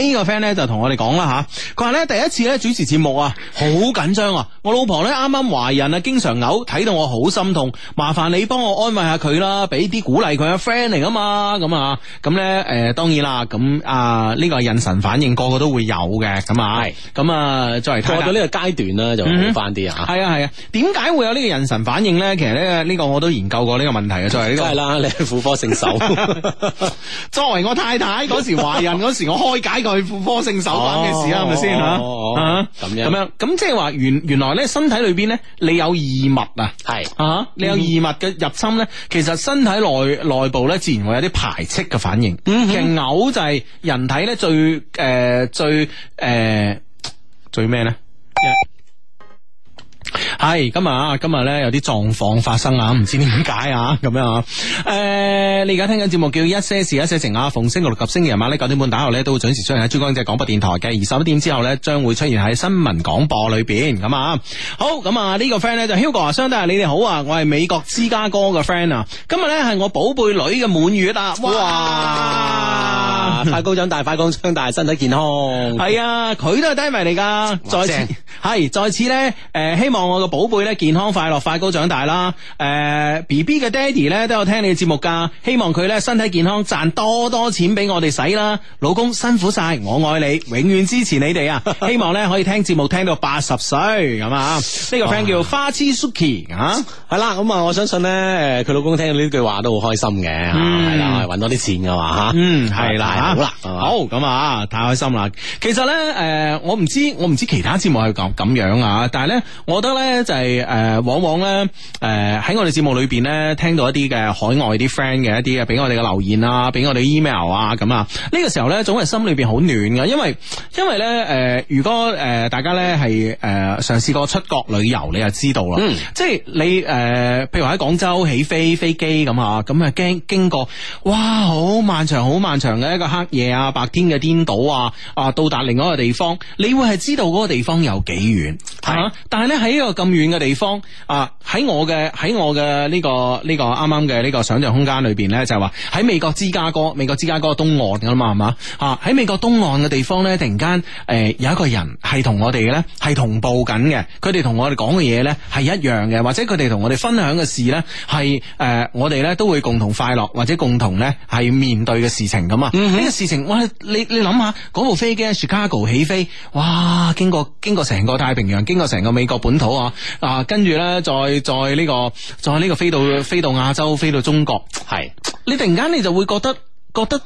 呢個 friend 咧就同我哋講啦吓，佢話咧第一次咧主持節目啊，好緊張啊！我老婆咧啱啱懷孕啊，經常嘔，睇到我好心痛，麻煩你幫我安慰下佢啦，俾啲鼓勵佢啊！friend 嚟啊嘛，咁啊，咁咧誒，當然啦，咁啊呢、這個係妊娠反應，個個都會有嘅，咁啊，係咁是啊，作為過到呢個階段啦，就好翻啲啊。係啊係啊，點解、啊、會有呢個妊娠反應咧？其實咧、這、呢個我都研究過呢個問題嘅，作為呢、這個係啦，你係婦科聖手，作為我太太嗰時懷孕嗰時，我開解佢。對科性手法嘅事啊，係咪先吓？咁樣咁樣，咁即係話原原來咧，身體裏邊咧，你有異物啊，係啊是，uh huh. 你有異物嘅入侵咧，其實身體內內部咧，自然會有啲排斥嘅反應。其實、uh huh. 嘔就係人體咧最誒、呃、最誒、呃、最咩咧？Yeah. 係今日啊，今日咧有啲狀況發生啊，唔知點解啊，咁樣啊，誒，你而家聽緊節目叫一些事一些情啊，逢星期六及星期日晚呢，九點半打後咧都會準時出現喺珠江仔廣播電台嘅，二十一點之後咧將會出現喺新聞廣播裏邊咁啊，這個、go, 好，咁啊呢個 friend 咧就 Hugo 啊，兄弟啊，你哋好啊，我係美國芝加哥嘅 friend 啊，今日咧係我寶貝女嘅滿月啊，哇，快哇高長大，快高長大，身體健康，係哇啊，佢都係低迷嚟噶，再次係再次咧，誒、呃 hey 希望我個寶貝咧健康快樂快高長大啦！誒，B B 嘅爹哋咧都有聽你嘅節目噶，希望佢咧身體健康賺多多錢俾我哋使啦。老公辛苦晒，我愛你，永遠支持你哋啊！希望咧可以聽節目聽到八十歲咁啊！呢個 friend 叫花痴 Suki 啊，係啦咁啊！我相信咧，誒，佢老公聽到呢句話都好開心嘅，係啦，搵多啲錢噶嘛吓，嗯，係啦，嗯、好啦，啊、好咁啊，太開心啦！其實咧，誒、呃，我唔知我唔知其他節目係咁咁樣啊，但係咧我。覺得咧就係、是、誒、呃，往往咧誒喺我哋節目裏邊咧，聽到一啲嘅海外啲 friend 嘅一啲啊，俾我哋嘅留言啊俾我哋 email 啊，咁啊，呢個時候咧，總係心裏邊好暖嘅，因為因為咧誒、呃，如果誒、呃、大家咧係誒嘗試過出國旅遊，你就知道啦，嗯，即係你誒、呃，譬如喺廣州起飛飛機咁啊，咁啊驚經過，哇，好漫長好漫長嘅一個黑夜啊，白天嘅顛倒啊啊，到達另外一個地方，你會係知道嗰個地方有幾遠，係啊，但係咧喺呢個咁遠嘅地方啊，喺我嘅喺我嘅呢個呢個啱啱嘅呢個想象空間裏邊咧，就係話喺美國芝加哥，美國芝加哥東岸噶啦嘛，係嘛啊？喺美國東岸嘅地方咧，突然間誒、呃、有一個人係同我哋咧係同步緊嘅，佢哋同我哋講嘅嘢咧係一樣嘅，或者佢哋同我哋分享嘅事咧係誒我哋咧都會共同快樂或者共同咧係面對嘅事情咁啊！呢、嗯、哼個事情哇，你你諗下部飛機喺 Chicago 起飛，哇，經過經過成個太平洋，經過成個美國本。好啊，啊，跟住咧，再再呢個，再呢個飛到飛到亞洲，飛到中國，係是你突然間你就會覺得覺得。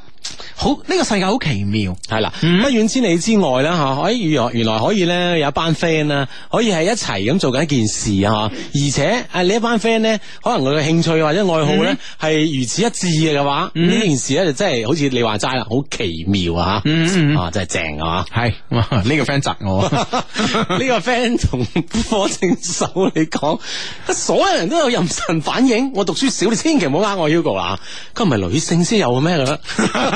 好呢，呢個世界好奇妙係啦，不遠、嗯、千里之外啦吓，可以原原來可以咧有一班 friend 啦，可以係一齊咁做緊一件事啊，而且誒呢一班 friend 咧，可能佢嘅興趣或者愛好咧係如此一致嘅話，呢、嗯、件事咧就真係好似你話齋啦，好奇妙啊吓，啊真係正啊，係呢、呢個 friend 窒我，呢 *laughs* *laughs* *laughs* 個 friend 同科證手嚟講，所有人都有妊娠反應，我讀書少，你千祈唔好呃我 Hugo 啦，佢唔係女性先有嘅咩？ *laughs* 嗱嗱嗱嗱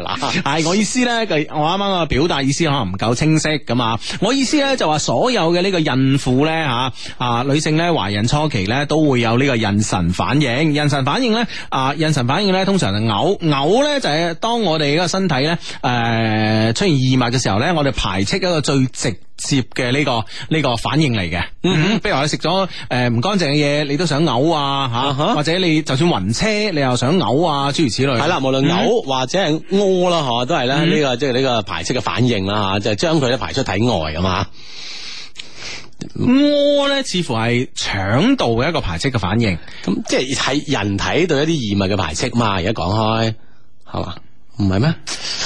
嗱！係 *laughs* *laughs* 我意思咧，我啱啱嘅表達意思可能唔夠清晰噶啊，我意思咧就話，所有嘅呢個孕婦咧吓啊，女性咧懷孕初期咧都會有呢個妊娠反應。妊娠反應咧啊，妊娠反應咧通常係嘔，嘔咧就係當我哋個身體咧誒、呃、出現異物嘅時候咧，我哋排斥一個最直。接嘅呢、這個呢、這個反應嚟嘅，嗯、比如話你食咗誒唔乾淨嘅嘢，你都想嘔啊吓，啊或者你就算暈車，你又想嘔啊，諸如此類。係啦、嗯，無論嘔或者係屙啦，吓都係咧呢個、嗯、即係呢個排斥嘅反應啦吓，就將佢咧排出體外噶嘛。屙咧、呃、似乎係腸道嘅一個排斥嘅反應，咁即係喺人體對一啲異物嘅排斥嘛。而家講開，係嘛？唔係咩？ *coughs*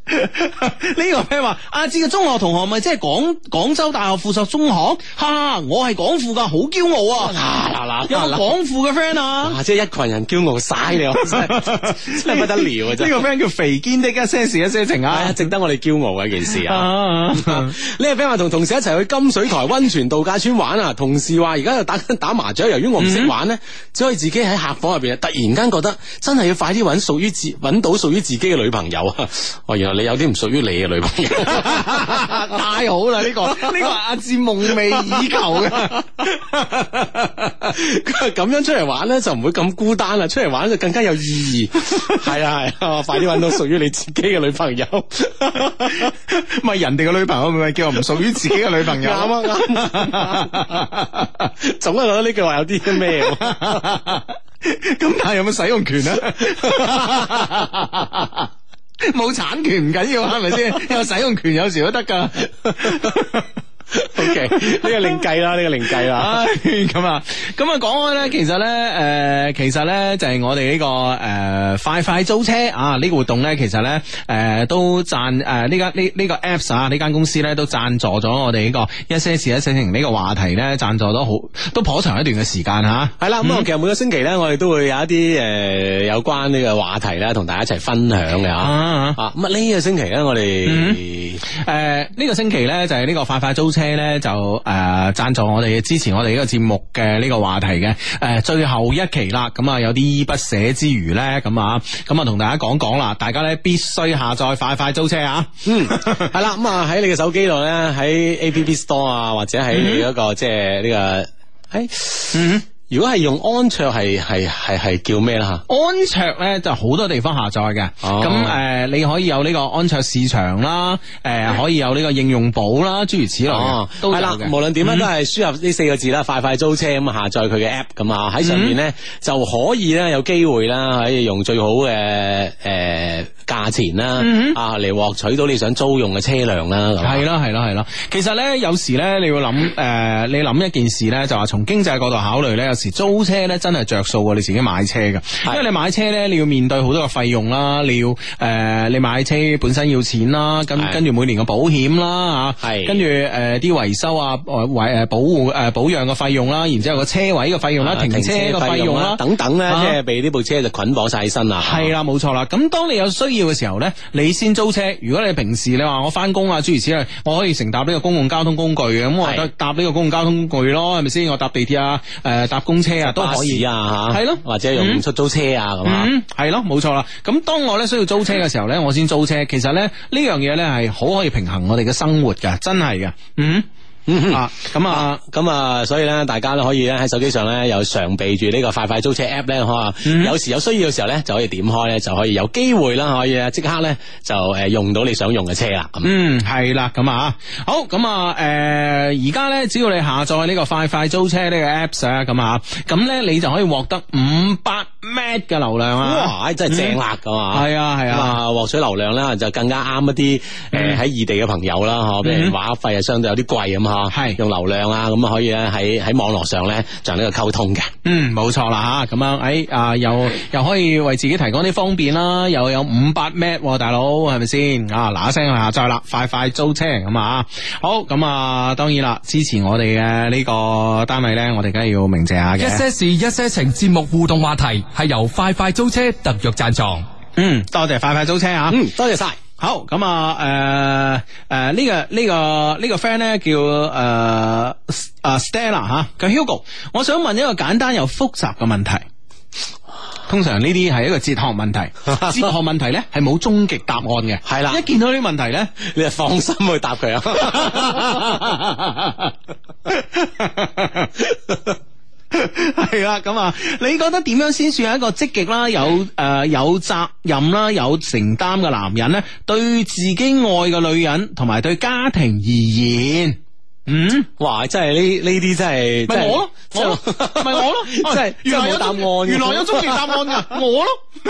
呢、 *music* 這個咩 r 話：阿志嘅中學同學咪即係廣廣州大學附屬中學，哈、啊！我係廣附噶，好驕傲啊！嗱嗱嗱，啊啊、有廣附嘅 friend 啊，即係一群人驕傲晒你 *laughs* 真係不得了啊！呢 *laughs* 個 friend 叫肥堅的，一些事一些情啊，值得我哋驕傲嘅、啊、一件事啊！呢、啊啊、 *laughs* 個 friend 話同同事一齊去金水台溫泉度假村玩啊，同事話而家喺度打打麻雀，由於我唔識玩呢，嗯、只可以自己喺客房入邊突然間覺得真係要快啲揾屬於自揾到屬於自己嘅女朋友啊！ *laughs* 原來有啲唔屬於你嘅女朋友， *laughs* 太好啦！呢個、呢個阿志夢寐以求嘅，佢話咁 *laughs* 樣出嚟玩咧就唔會咁孤單啦，出嚟玩就更加有意義。係啊係，快啲揾到屬於你自己嘅女朋友。唔係 *laughs* 人哋嘅女朋友咪叫唔屬於自己嘅女朋友？啱啱， *laughs* 總係覺得呢句話有啲咩？咁 *laughs* 但係有冇使用權咧？ *laughs* 冇產權唔緊要，係咪先？ *laughs* 有使用權有時都得㗎。O K，呢個另計啦，呢個另計啦，咁啊，咁啊，講開咧，其實咧，誒，其實咧就係我哋呢個誒快快租車啊呢個活動咧，其實咧，誒都贊誒呢間呢呢個 apps 啊呢間公司咧都贊助咗我哋呢個一些事一些情呢個話題咧贊助咗好都頗長一段嘅時間吓，係啦，咁啊，其實每個星期咧我哋都會有一啲誒有關呢個話題咧同大家一齊分享嘅吓啊，咁啊呢個星期咧我哋誒呢個星期咧就係呢個快快租車。車咧就誒讚、呃、助我哋支持我哋呢個節目嘅呢個話題嘅誒、呃、最後一期啦，咁啊有啲不捨之餘咧，咁啊咁啊同大家講講啦，大家咧必須下載快快租車啊， *laughs* 嗯係啦，咁啊喺你嘅手機度咧喺 A P P Store 啊或者係嗰、嗰個、嗯、哼即係呢、呢個誒、哎、嗯。如果係用安卓係係係係叫咩啦？哈！安卓咧就好多地方下載嘅。咁誒、哦嗯呃，你可以有呢個安卓市場啦，誒、呃，可以有呢個應用寶啦，諸如此類。哦，係啦、哦，無論點樣都係輸入呢四個字啦，快快租車咁下載佢嘅 app 咁啊喺上面咧就可以咧有機會啦，可以用最好嘅誒價錢啦、嗯嗯、啊嚟獲取到你想租用嘅車輛啦。係咯係咯係咯，其實咧有時咧你要諗誒、呃呃，你諗一,一件事咧就話、是、從經濟角度考慮咧。租車咧真係着數啊！你自己買車嘅，因為你買車咧你要面對好多嘅費用啦，你要誒、呃、你買車本身要錢啦，跟是的 跟住每年嘅保險啦吓，是的 跟住誒啲維修啊，維誒保護誒保養嘅費用啦，然之後個車位嘅費用啦，停車嘅費用啦，等等咧，即係畀呢部車就捆綁晒身啦。係啦，冇錯啦。咁當你有需要嘅時候咧，你先租車。如果你平時你話我翻工啊諸如此類，我可以乘搭呢個公共交通工具咁的，我搭呢個公共交通工具咯，係咪先？我搭地鐵啊，誒、呃、搭。公車啊，都可以啊，係咯，或者用出租車啊咁啊，係、嗯嗯、咯，冇錯啦。咁當我咧需要租車嘅時候咧，我先租車。其實咧呢樣嘢咧係好可以平衡我哋嘅生活噶，真係噶。嗯。嗯哼 *music* 啊，咁啊，咁啊，所以咧，大家咧可以咧喺手機上咧，有常備住呢個快快租車 App 咧、嗯，吓有時有需要嘅時候咧，就可以點開咧，就可以有機會啦，可以啊即刻咧就誒用到你想用嘅車啦。嗯，係啦，咁啊，好，咁啊，誒，而家咧，只要你下載呢個快快租車呢個 Apps 啊，咁啊，咁咧，你就可以獲得五百 M 嘅流量啊！哇，真係正嘅噶嘛，係、嗯、啊，係啊，啊，獲取流量咧就更加啱一啲誒喺異地嘅朋友啦，吓，譬如話費啊相對有啲貴啊嘛。啊，係是用流量啊，咁啊可以咧喺喺網絡上咧就呢個溝通嘅。嗯，冇錯啦吓，咁樣誒，啊、呃、又又可以為自己提供啲方便啦，又有五百 M 大佬係咪先？啊嗱一聲啊，再啦，快快租車咁啊，好咁啊，當然啦，支持我哋嘅呢個單位咧，我哋梗係要鳴謝下嘅。一些事一些情，節目互動話題係由快快租車特約贊助。嗯，多謝快快租車啊，嗯，多謝晒。好咁、呃呃這個這個這個呃、啊，誒誒呢個呢個呢個 friend 咧叫誒啊 Stella 吓，佢 Hugo，我想問一個簡單又複雜嘅問題。通常呢啲係一個哲學問題， *laughs* 哲學問題咧係冇終極答案嘅。係啦，一見到呢啲問題咧， *laughs* 你就放心去答佢啊。 *laughs* *laughs* 係啊，咁啊， *laughs* 你覺得點樣先算係一個積極啦、有誒、呃、有責任啦、有承擔嘅男人咧？對自己愛嘅女人同埋對家庭而言。嗯，哇！真係呢，呢啲真係咪我咯，咪我咯，即係原來有答案，原來有終極答案噶，我咯。唔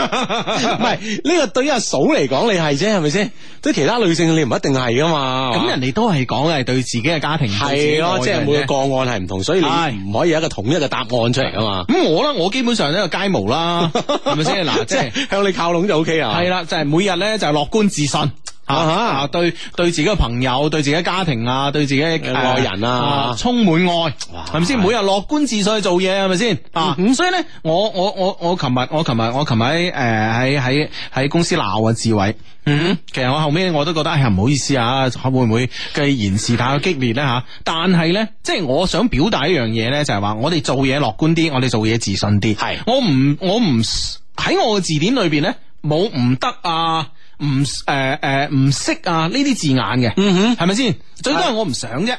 係呢個對於阿嫂嚟講你係啫，係咪先？對其他女性你唔一定係噶嘛。咁人哋都係講係對自己嘅家庭係咯，即係每個個案係唔同，所以你唔可以有一個統一嘅答案出嚟噶嘛。咁我啦，我基本上呢個街模啦，係咪先？嗱，即係向你靠攏就 OK 啊。係啦，就係每日咧就係樂觀自信。啊哈！ *noise* 對對自己嘅朋友，對自己家庭啊，對自己愛人啊，啊充滿愛，係咪先？每日樂觀自信去做嘢，係咪先？啊，咁、嗯、所以咧，我我我我琴日，我琴日，我琴日誒喺喺喺公司鬧啊志偉，嗯，其實我後尾我都覺得係唔好意思啊，會唔會繼言事太過激烈咧、啊、吓？是的 但係咧，即、就、係、是、我想表達一樣嘢咧，就係、是、話我哋做嘢樂觀啲，我哋做嘢自信啲。係的的我唔我唔喺我嘅字典裏邊咧，冇唔得啊！唔誒誒唔識啊呢啲字眼嘅，嗯哼，係咪先？最多係我唔想啫，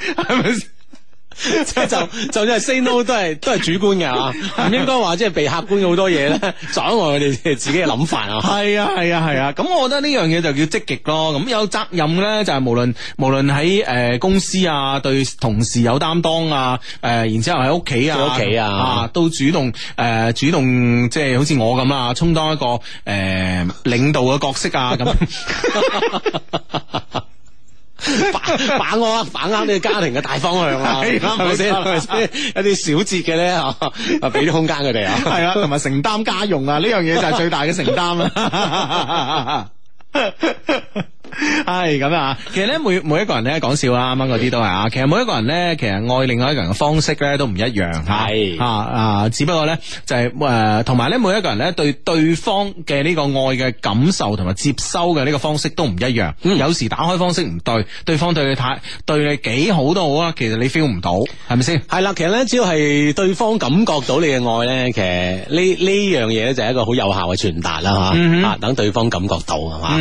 係咪先？即係 *laughs* 就，就算係 say no 都係都係主觀嘅，唔 *laughs* 應該話即係被客觀好多嘢咧阻礙我哋自己嘅諗法 *laughs* 啊！係啊，係啊，係啊！咁我覺得呢樣嘢就叫積極咯。咁有責任咧，就係無論無論喺誒公司啊，對同事有擔當啊，誒、呃，然之後喺屋企啊，屋企啊,啊，都主動誒、呃，主動,、呃、主動即係好似我咁啊，充當一個誒、呃、領導嘅角色啊咁。 *laughs* *laughs* 把 *laughs* 把握把握你家庭嘅大方向 *laughs* *laughs* 啊，啱唔啱先？一啲小節嘅咧嚇，啊，俾啲空間佢哋啊，係啦，同埋承擔家用啊，呢樣嘢就係最大嘅承擔啦。 *laughs* *laughs* 係咁啊！其實咧每每一個人咧，講笑啊，啱啱嗰啲都係啊。其實每一個人咧，其實愛另外一個人嘅方式咧都唔一樣。係啊啊，只不過咧就係誒，同埋咧每一個人咧對對方嘅呢個愛嘅感受同埋接收嘅呢個方式都唔一樣。咁有時打開方式唔對，對方對你太對你幾好都好啊，其實你 feel 唔到，係咪先？係啦，其實咧只要係對方感覺到你嘅愛咧，其實呢呢樣嘢咧就係一個好有效嘅傳達啦。吓，啊等對方感覺到係嘛，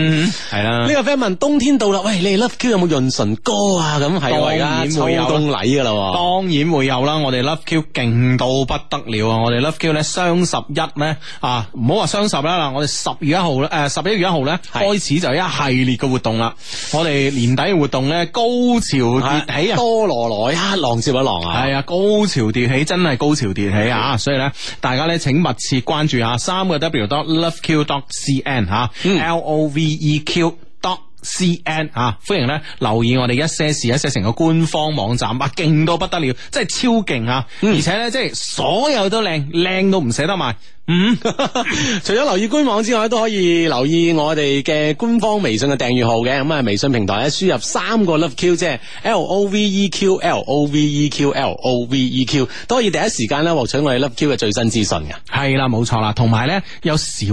係啦，呢個 friend。問冬天到啦，喂，你哋 Love Q 有冇潤唇膏啊？咁係啊，而家秋冬禮噶啦，當然會有啦。我哋 Love Q 勁到不得了啊！我哋 Love Q 咧雙十一咧啊，唔好話雙十啦，嗱，我哋十月一號誒，十一月一號咧開始就係一系列嘅活動啦。我哋年底嘅活動咧高潮迭起啊，多羅來一浪接一浪啊！係啊，高潮迭起真係高潮迭起啊！所以咧，大家咧請密切關注下三個 w dot love q dot cn 吓，l o v e q，C N 吓、啊，歡迎咧留意我哋一些事一些情嘅官方網站，啊，勁到不得了，真係超勁啊！嗯、而且咧，即係所有都靚，靚到唔捨得賣。嗯， *laughs* 除咗留意官網之外都可以留意我哋嘅官方微信嘅訂閱號嘅，咁啊，微信平台咧輸入三個 love q，即係 l o v e q l o v e q l o v e q，都可以第一時間咧獲取我哋 love q 嘅最新資訊嘅。係啦，冇錯啦，同埋咧有少少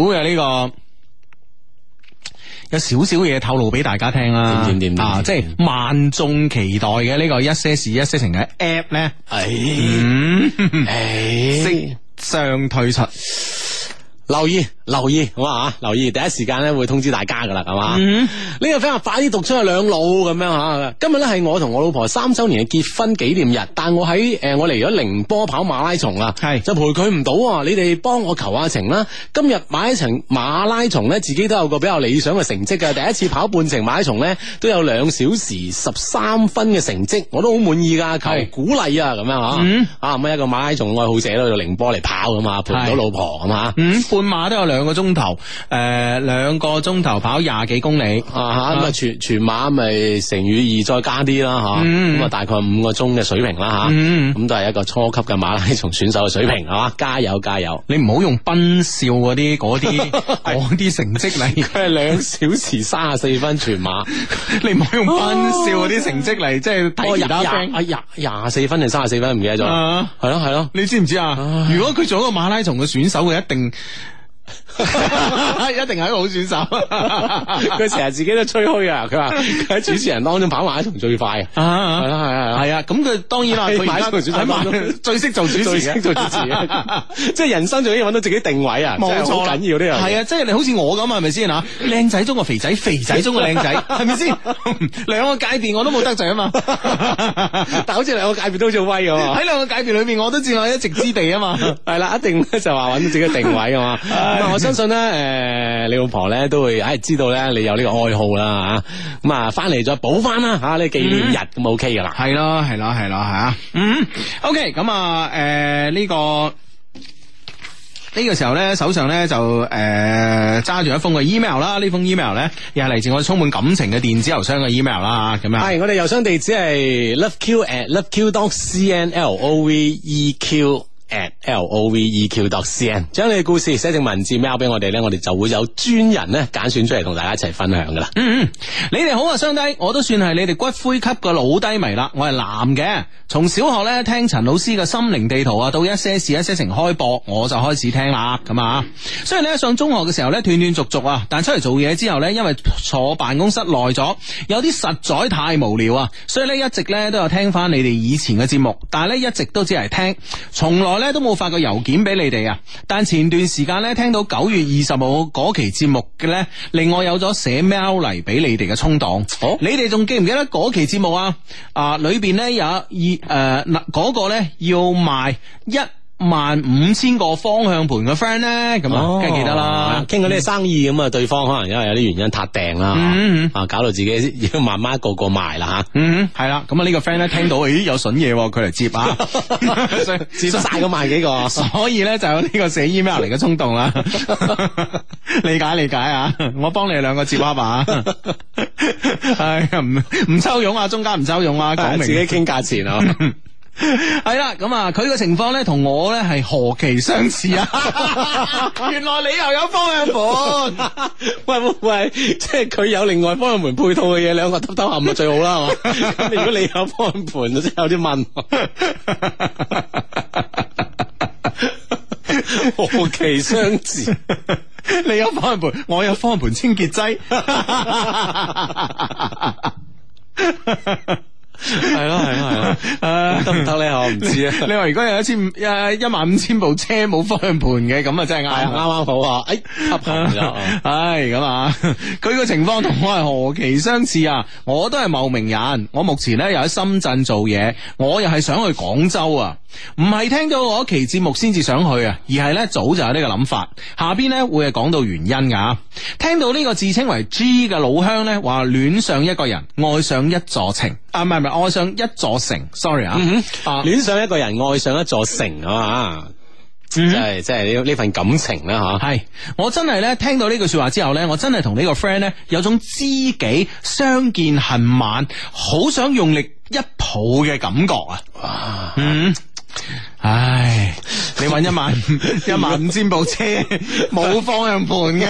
嘅呢個。有少少嘢透露俾大家聽啦，點點點點啊，即係萬眾期待嘅呢、這個一些事一些情嘅 app 咧，誒，誒，即將推出，留意。留意，好啊，留意，第一時間咧會通知大家噶啦，係嘛？呢個 f r 快啲讀出去兩路咁樣吓。今日咧係我同我老婆三周年嘅結婚紀念日，但我喺誒、呃、我嚟咗寧波跑馬拉松啦，係是就陪佢唔到啊。你哋幫我求下情啦。今日買一程馬拉松咧，自己都有個比較理想嘅成績嘅，第一次跑半程馬拉松咧，都有兩小時十三分嘅成績，我都好滿意噶，求鼓勵啊咁樣吓。啊咁一個馬拉松愛好者喺度寧波嚟跑噶嘛，陪唔到老婆咁啊是、嗯。半馬都有兩。兩個鐘頭，誒，兩個鐘頭跑廿幾公里，啊哈，咁啊全全馬咪乘以二再加啲啦，吓，咁啊大概五個鐘嘅水平啦，吓，咁都係一個初級嘅馬拉松選手嘅水平，係嘛？加油加油！你唔好用斌少嗰啲嗰啲嗰啲成績嚟，佢係兩小時三十四分全馬，你唔好用斌少嗰啲成績嚟，即係睇其他聲，廿廿四分定三十四分唔記得咗，係咯係咯，你知唔知啊？如果佢做一個馬拉松嘅選手，佢一定。一定係一個好選手，佢成日自己都吹噓啊！佢話喺主持人當中跑馬拉松最快嘅，係啦，係啊，係啊。咁佢當然啦，佢叻一個最識做主持嘅，最識做主持嘅。即係人生就應該揾到自己定位啊，好緊要啲人。係啊，即係你好似我咁啊，係咪先啊？靚仔中個肥仔，肥仔中個靚仔，係咪先？兩個界別我都冇得罪啊嘛，但好似兩個界別都好似威啊。喺兩個界別裏面，我都佔有一席之地啊嘛。係啦，一定咧就話揾到自己定位啊嘛。嗯、我相信咧，誒、呃，你老婆咧都會誒、哎、知道咧，你有呢個愛好啦，吓咁啊，翻嚟再補翻啦，吓呢、啊、紀念日咁 OK 噶啦。係咯、嗯，係咯，係咯，係啊。嗯，OK，咁啊，誒、呃，呢個呢個時候咧，手上咧就誒揸住一封嘅 email 啦，呢封 email 咧又係嚟自我充滿感情嘅電子郵箱嘅 email 啦、啊，咁樣。係，我哋郵箱地址係 loveq@loveq.cnloveq。at l o v e q dot c n，將你嘅故事寫成文字 mail 俾我哋呢，我哋就會有專人呢，揀選出嚟，同大家一齊分享噶啦。嗯嗯，你哋好啊，雙低，我都算係你哋骨灰級嘅老低迷啦。我係男嘅，從小學呢，聽陳老師嘅心靈地圖啊，到一些事一些情開播，我就開始聽啦，咁啊。雖然呢，上中學嘅時候呢，斷斷續續啊，但出嚟做嘢之後呢，因為坐辦公室耐咗，有啲實在太無聊啊，所以呢，一直呢，都有聽翻你哋以前嘅節目，但係呢，一直都只係聽，從來。我咧，都冇發過郵件俾你哋啊，但前段時間咧聽到九月二十號嗰期節目嘅咧，令我有咗寫 mail 嚟俾你哋嘅衝動。哦，你哋仲記唔記得嗰期節目啊？啊，裏邊咧有二誒嗰個咧要賣一。萬五千個方向盤嘅 friend 咧，咁啊梗係記得啦，傾到啲生意咁啊，對方可能因為有啲原因塌訂啦，啊搞到自己要慢慢個個賣啦吓，係啦，咁啊呢個 friend 咧聽到咦有筍嘢，佢嚟接啊，接晒咁賣幾個，所以咧就有呢個寫 email 嚟嘅衝動啦，理解理解啊，我幫你兩個接巴把，哎啊，唔唔抽佣啊，中間唔抽佣啊，講明自己傾價錢啊。係啦，咁啊，佢嘅情況咧，同我咧係何其相似啊！原來你又有方向盤， *laughs* 喂喂，即係佢有另外方向盤配套嘅嘢，兩個偷偷暗咪最好啦，係嘛？你、 *laughs* 嗯、咁如果你有方向盤，即、就、係、是、有啲問， *laughs* *laughs* 何其相似？你 *laughs* 有方向盤，我有方向盤清潔劑。 *laughs* *laughs* 係咯係咯係咯，得唔得咧？我唔知啊。你話如果有一千一一萬五千部車冇方向盤嘅，咁啊真係啱啱好啊！哎，恰咸嘅， *laughs* 哎咁啊！佢個情況同我係何其相似啊！我都係茂名人，我目前咧又喺深圳做嘢，我又係想去廣州啊！唔係聽到我期節目先至想去啊，而係呢，早就有呢個諗法。下邊呢，會係講到原因噶聽到呢個自稱為 G 嘅老鄉呢，話戀上一個人，愛上一座城。啊，唔係唔係，愛上一座城。Sorry，就，啊，是，戀上一個人，愛上一座城啊。吓，即係即係呢份感情啦。吓，啊，係我真係呢，聽到呢句說話之後呢，我真係同呢個 friend 呢，有種知己相見恨晚，好想用力一抱嘅感覺啊。哇嗯。唉，你搵一萬，一萬五千部車冇 *laughs* 方向盤嘅。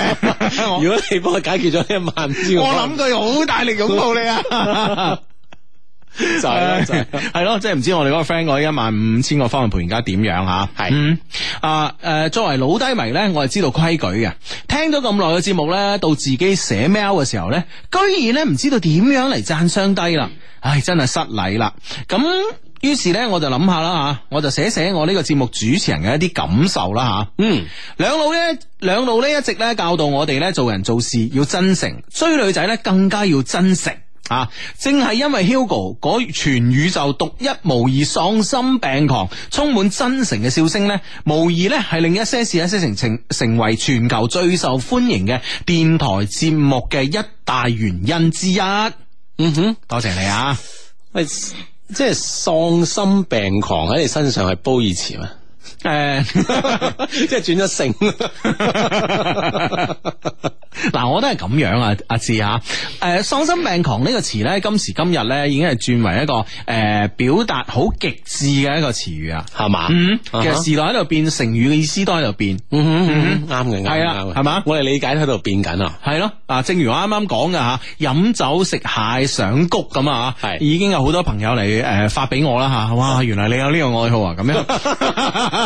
如果你幫我解決咗一萬，我諗佢好大力擁抱你啊 *laughs* *laughs* 就！就係、是、咯，係咯， *laughs* 即係唔知我哋嗰個 friend 嗰一萬五千個方向盤而家點樣吓？係、嗯，啊，誒、呃，作為老低迷咧，我係知道規矩嘅。聽咗咁耐嘅節目咧，到自己寫 mail 嘅時候咧，居然咧唔知道點樣嚟讚賞低啦！唉，真係失禮啦！咁。嗯嗯嗯嗯嗯於是呢，我就諗下啦吓，我就寫寫我呢個節目主持人嘅一啲感受啦吓。嗯，兩老咧，兩老咧一直呢教導我哋咧做人做事要真誠，追女仔呢更加要真誠啊！正係因為 Hugo 嗰全宇宙獨一無二喪心病狂、充滿真誠嘅笑聲呢，無疑呢係令一些事一些情成成為全球最受歡迎嘅電台節目嘅一大原因之一。嗯哼，多謝你啊！哎即係喪心病狂喺你身上係褒義詞咩？誒，即係轉咗性。嗱，我都係咁樣啊，阿志吓。誒，喪心病狂呢個詞咧，今時今日咧，已經係轉為一個誒表達好極致嘅一個詞語啊，係嘛？嗯，其實時代喺度變，成語嘅意思都喺度變。嗯嗯，啱嘅，啱嘅，啱係嘛？我哋理解喺度變緊啊。係咯，啊，正如我啱啱講嘅吓，飲酒食蟹上谷咁啊，係已經有好多朋友嚟誒發俾我啦吓。哇，原來你有呢個愛好啊，咁樣。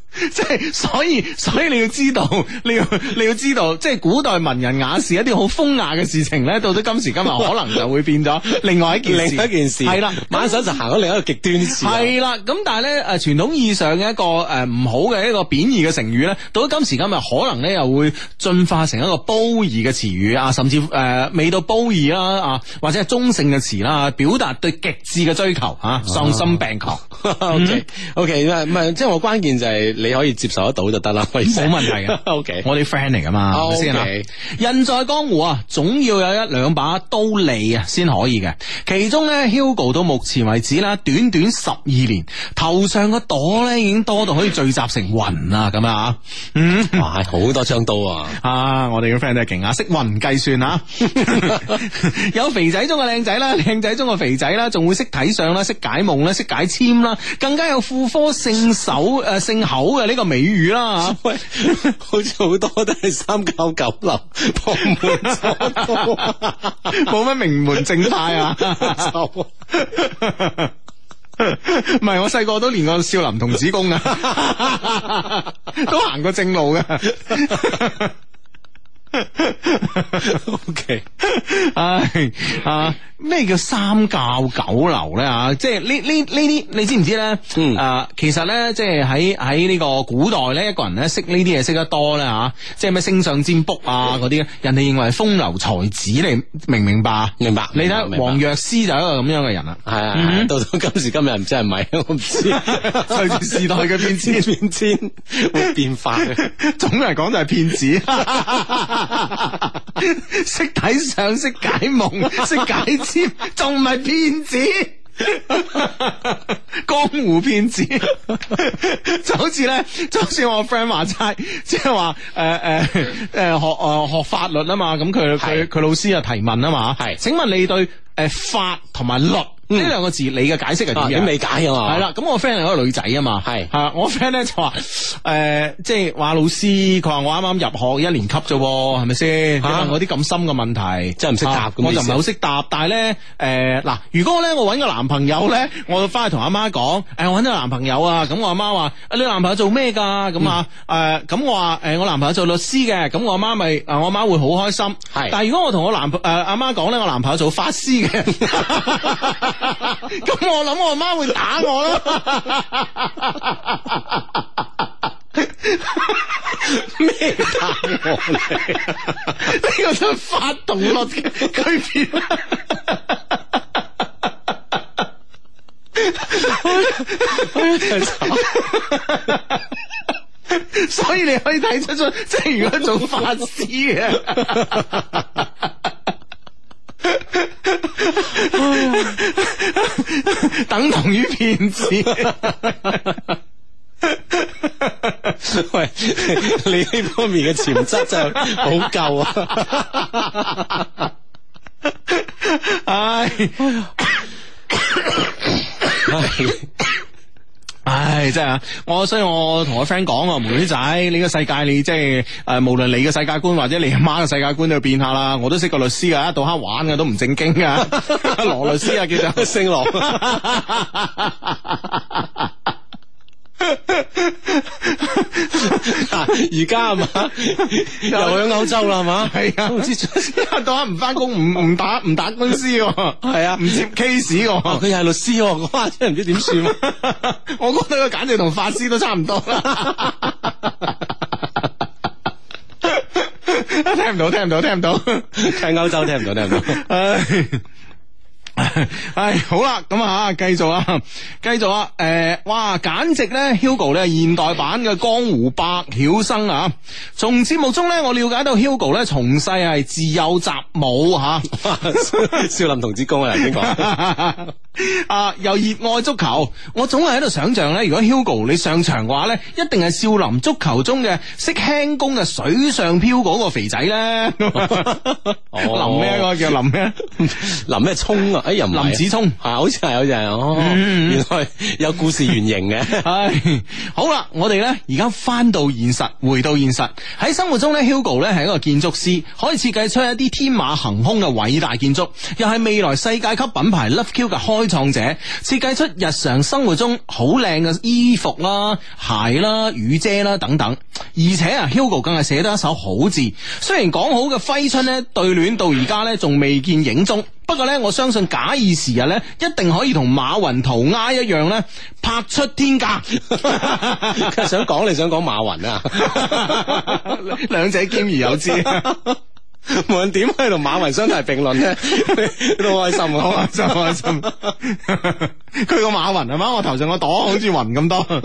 即係所以，所以你要知道，你要你要知道，即係古代文人雅士一啲好風雅嘅事情咧，到咗今時今日，可能就會變咗另外一件事。另外一件事係啦，馬上就行到另一個極端。事。係啦，咁但係咧誒，傳統意義上嘅一個誒唔好嘅一個貶義嘅成語咧，到咗今時今日，可能咧又會進化成一個褒義嘅詞語啊，甚至誒未到褒義啦啊，或者係中性嘅詞啦，表達對極致嘅追求吓，喪心病狂。OK OK，唔係即係我關鍵就係。你可以接受得到就得啦，喂冇問題嘅。O.K. 我哋 friend 嚟噶嘛，先啊？人在江湖啊，總要有一兩把刀利啊，先可以嘅。其中咧，Hugo 到目前為止啦，短短十二年，頭上個朵咧已經多到可以聚集成雲啊，咁啊，嗯， *laughs* 哇，好多槍刀啊！ *laughs* 啊，我哋嘅 friend 都係勁啊，識雲計算啊， *laughs* *laughs* 有肥仔中嘅靚仔啦，靚仔中嘅肥仔啦，仲會識睇相啦，識解夢啦識解簽啦，更加有婦科聖手誒聖口。好係呢個美語啦喂，好似好多都係三教九流，冇乜名門正派啊！唔係，我細個都練過少林童子功啊，都行過正路㗎。O K，唉啊！咩叫三教九流咧？吓、啊，即係呢呢呢啲，你知唔知咧？嗯，啊，其實咧，即係喺喺呢個古代咧，一個人咧識呢啲嘢，識得多咧吓，即係咩星象占卜啊嗰啲，嗯、人哋認為風流才子，你明唔明白？明白。明白，你睇黃藥師就一個咁樣嘅人、嗯、啊，係啊，嗯、到到今時今日唔知係咪，我唔知。隨住 *laughs* 時代嘅變遷 *laughs* 變遷會變化， *laughs* 總嚟講就係騙子， *laughs* *laughs* 識睇相、識解夢，識解。仲唔係騙子？ *laughs* 江湖騙騙子 *laughs* 就好似咧，就好似我 friend 話齋，即係話誒誒誒學誒、呃、學法律啊嘛，咁佢佢佢老師啊提問啊嘛，係是，請問你對誒、呃、法同埋律？呢兩個字，你嘅解釋係點樣？你未解啊嘛？係啦，咁我 friend 係一個女仔啊嘛。係係，我 friend 咧就話誒，即係話老師，佢話我啱啱入學一年級啫喎，係咪先？你問我啲咁深嘅問題，真係唔識答咁。我就唔係好識答，但係咧誒嗱，如果咧我揾個男朋友咧，我翻去同阿媽講誒，我揾咗男朋友啊，咁我阿媽話：你男朋友做咩㗎？咁啊誒咁我話誒我男朋友做律師嘅，咁我阿媽咪啊我阿媽會好開心。但係如果我同我男誒阿媽講咧，我男朋友做法師嘅。咁 *laughs* 我諗我媽會打我咯， *laughs* 咩打？呢個想發動落嘅居片，所以你可以睇得出，出，即係如果做法師。 *laughs* 等同於騙子。喂，你呢方面嘅潛質就好夠啊！唉，唉。唉，真係啊，我，所以我同我 friend 講啊，妹仔，你個世界你即係誒、呃，無論你嘅世界觀或者你阿媽嘅世界觀都要變下啦。我都識個律師啊，一到黑玩嘅都唔正經啊，羅 *laughs* 律師啊，叫做姓羅。 *laughs* *laughs* 嗱，而家係嘛，又去歐洲啦，係嘛？係啊，到阿唔返工，唔唔打唔打官司喎，係啊，唔、啊、接 case 喎、啊，佢又係律師喎、啊，我真係唔知點算、啊。 *laughs* 我覺得佢簡直同法師都差唔多啦。 *laughs* 聽唔到，聽唔到，聽唔到，到，聽歐洲，聽唔到，聽唔到，唉。 *laughs* 唉，好啦，咁啊，繼續啊，繼續啊，誒，哇，簡直咧，Hugo 咧現代版嘅江湖百曉生啊！從節目中咧，我了解到 Hugo 咧，從細係自幼習武吓，啊、 *laughs* 少林童子功啊，邊個 *laughs* 啊？又熱愛足球，我總係喺度想象咧，如果 Hugo 你上場嘅話咧，一定係少林足球中嘅識輕功嘅水上漂嗰個肥仔咧， *laughs* 哦、林咩、那個叫林咩？ *laughs* 林咩聰啊？林子聰好似係有隻哦， *noise* 原來有故事原型嘅。唉， *laughs* *laughs* 好啦，我哋呢而家翻到現實，回到現實，喺生活中呢 Hugo 呢係一個建築師，可以設計出一啲天馬行空嘅偉大建築，又係未來世界級品牌 Love Q 嘅開創者，設計出日常生活中好靚嘅衣服啦、鞋啦、雨遮啦等等。而且啊，Hugo 更係寫得一手好字，雖然講好嘅揮春呢，對聯，到而家呢，仲未見影蹤。不過咧，我相信假以時日咧，一定可以同馬雲塗鴉一樣咧，拍出天價。 *laughs* *laughs* 佢想講你想講馬雲啊，兩 *laughs* *laughs* 者兼而有之。 *laughs* 無論點可以同馬雲相提並論咧，你都開心，好開心，開心。佢個 *laughs* *laughs* 馬雲係嗎？我頭上個朵好似雲咁多，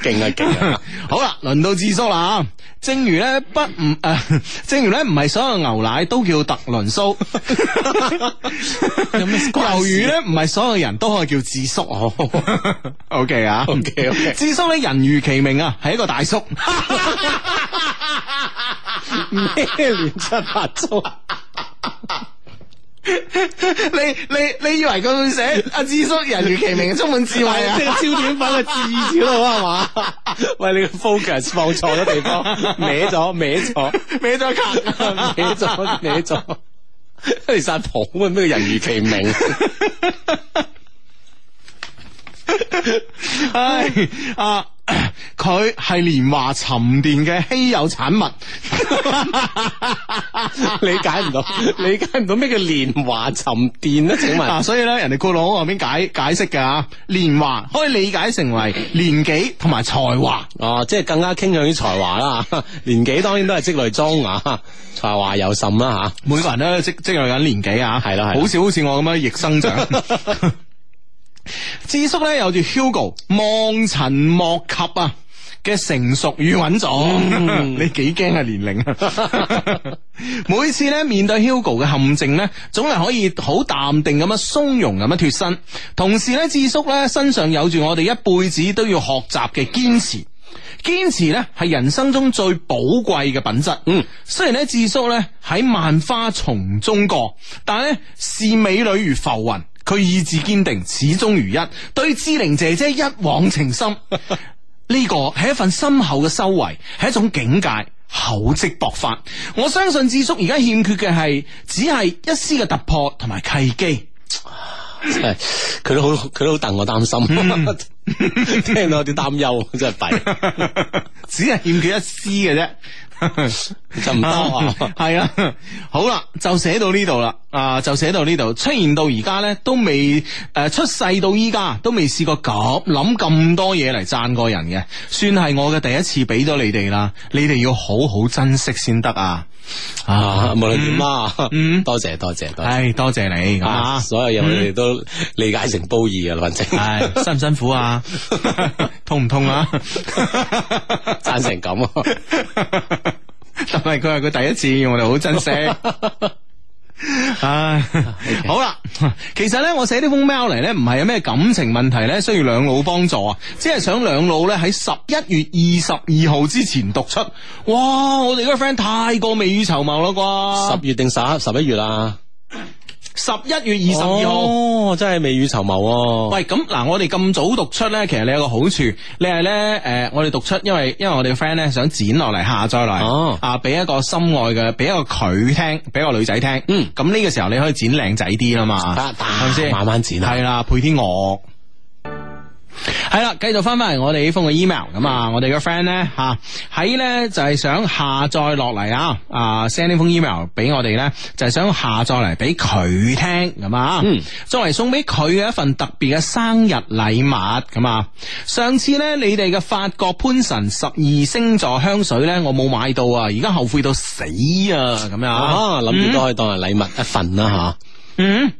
勁 *laughs* 啊勁！啊 *laughs* 好啦，輪到智叔啦啊！正如咧不唔誒、呃，正如咧唔係所有牛奶都叫特崙蘇，猶如咧唔係所有人都可以叫智叔、 *laughs* okay、啊。OK 啊 *laughs* ，OK OK， *laughs* 智叔咧人如其名啊，係一個大叔。 *laughs* *laughs* 咩亂七八糟啊！ *laughs* 你你你以為佢會寫阿智叔人如其名充滿智慧啊？即係 *laughs* 超短粉嘅字小到係嘛？喂，你個 focus 放錯咗地方，歪咗歪咗，歪咗格，歪咗歪錯，你晒譜啊！咩 *laughs* *laughs* 人如其名？ *laughs* 唉。啊！佢係年華沉澱嘅稀有產物 *laughs* *laughs* 理，理解唔到，理解唔到咩叫年華沉澱咧、啊？請問，啊、所以咧，人哋古老後邊解解釋嘅啊，年華可以理解成為年紀同埋才華，哦、啊，即係更加傾向於才華啦、啊。年紀當然都係積累中啊，才華有甚啦吓，啊、每個人都積積累緊年紀啊，係咯係，好少好似我咁樣逆生長。 *laughs* 智叔咧有住 Hugo 望塵莫及啊嘅成熟與穩重， *laughs* *laughs* 你幾驚啊？年齡啊！ *laughs* 每次咧面對 Hugo 嘅陷阱咧，總係可以好淡定咁樣鬆容咁樣脫身，同時咧智叔咧身上有住我哋一輩子都要學習嘅堅持，堅持咧係人生中最寶貴嘅品質。嗯，雖然咧智叔咧喺萬花叢中過，但係咧視美女如浮雲。佢意志堅定，始終如一，對志玲姐姐一往情深。呢 *laughs* 個係一份深厚嘅修為，係一種境界，厚積薄發。我相信志叔而家欠缺嘅係，只係一絲嘅突破同埋契機。佢 *laughs* *laughs* 都好，佢都好戥我擔心， *laughs* 聽到有啲擔憂，真係弊。 *laughs* 只係欠缺一絲嘅啫。就唔多啊，係 *laughs* *laughs* 啊，好啦，就寫到呢度啦啊，就寫到呢度，出現到而家咧都未誒、呃、出世到依家都未試過咁諗咁多嘢嚟讚過人嘅，算係我嘅第一次俾咗你哋啦，你哋要好好珍惜先得啊！啊，啊無論點啊，嗯，多謝多謝，唉、哎，多謝你啊，所有人、嗯、你哋都理解成褒義啊。啦，反正係辛唔辛苦啊， *laughs* *laughs* 痛唔痛啊，讚 *laughs* 成咁啊。但係佢係佢第一次，我哋好珍惜。 *laughs* *laughs* 唉，Okay. 好啦，其實呢，我寫呢封 mail 嚟呢，唔係有咩感情問題呢，需要兩老幫助啊，只係想兩老呢，喺十一月二十二號之前讀出。哇，我哋嗰個 friend 太過未雨綢繆啦啩？十月定十十一月啊？十一月二十二號，哦、真係未雨綢繆、啊。喂，咁嗱，我哋咁早讀出呢，其實你有個好處，你係呢，誒、呃，我哋讀出，因為因為我哋嘅 friend 呢，想剪落嚟、下載落嚟，哦、啊，俾一個心愛嘅，俾一個佢聽，俾一個女仔聽。嗯，咁呢個時候你可以剪靚仔啲啦嘛，係咪先？啊嗯、慢慢剪啦、啊，係啦，配天鵝。係啦，繼續翻翻嚟我哋呢封嘅 email，咁啊，我哋嘅 friend 呢，吓喺呢就係想下載落嚟啊，啊 send 呢封 email 俾我哋呢，就係、是、想下載嚟俾佢聽，咁啊，嗯、作為送俾佢嘅一份特別嘅生日禮物，咁啊，上次呢，你哋嘅法國潘神十二星座香水呢，我冇買到啊，而家後悔到死啊，咁樣啊，諗住都可以當係禮物一份啦、啊、吓。嗯。啊嗯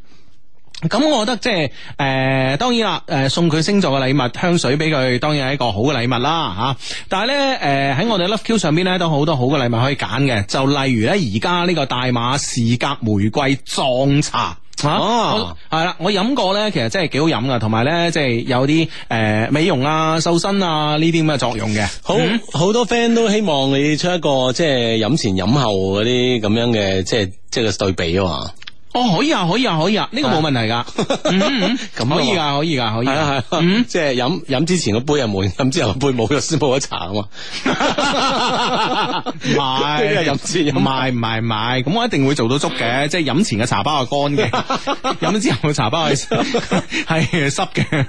咁，我覺得即係誒，當然啦，誒，送佢星座嘅禮物，香水俾佢，當然係一個好嘅禮物啦，吓、啊。但係咧，誒、呃，喺我哋 Love Q 上邊咧，都好多好嘅禮物可以揀嘅。就例如咧，而家呢個大馬士革玫瑰撞茶，哦、啊，係啦、啊，我飲過咧，其實真係幾好飲噶，同埋咧，即、就、係、是、有啲誒、呃、美容啊、瘦身啊呢啲咁嘅作用嘅。好好、嗯、多 friend 都希望你出一個即係飲前飲後嗰啲咁樣嘅，即係即係對比啊哦，可以啊，可以啊，可以啊，呢、這個冇問題噶，咁可以噶，可以噶，可以，係即係飲飲之前個杯係滿，飲之後杯冇咗先冇咗茶啊嘛。係 *laughs* *laughs* 買，入錢唔係唔係唔係，咁 *noise* 我一定會做到足嘅，即係飲前嘅茶包係乾嘅，飲咗 *laughs* 之後嘅茶包係濕，係濕嘅，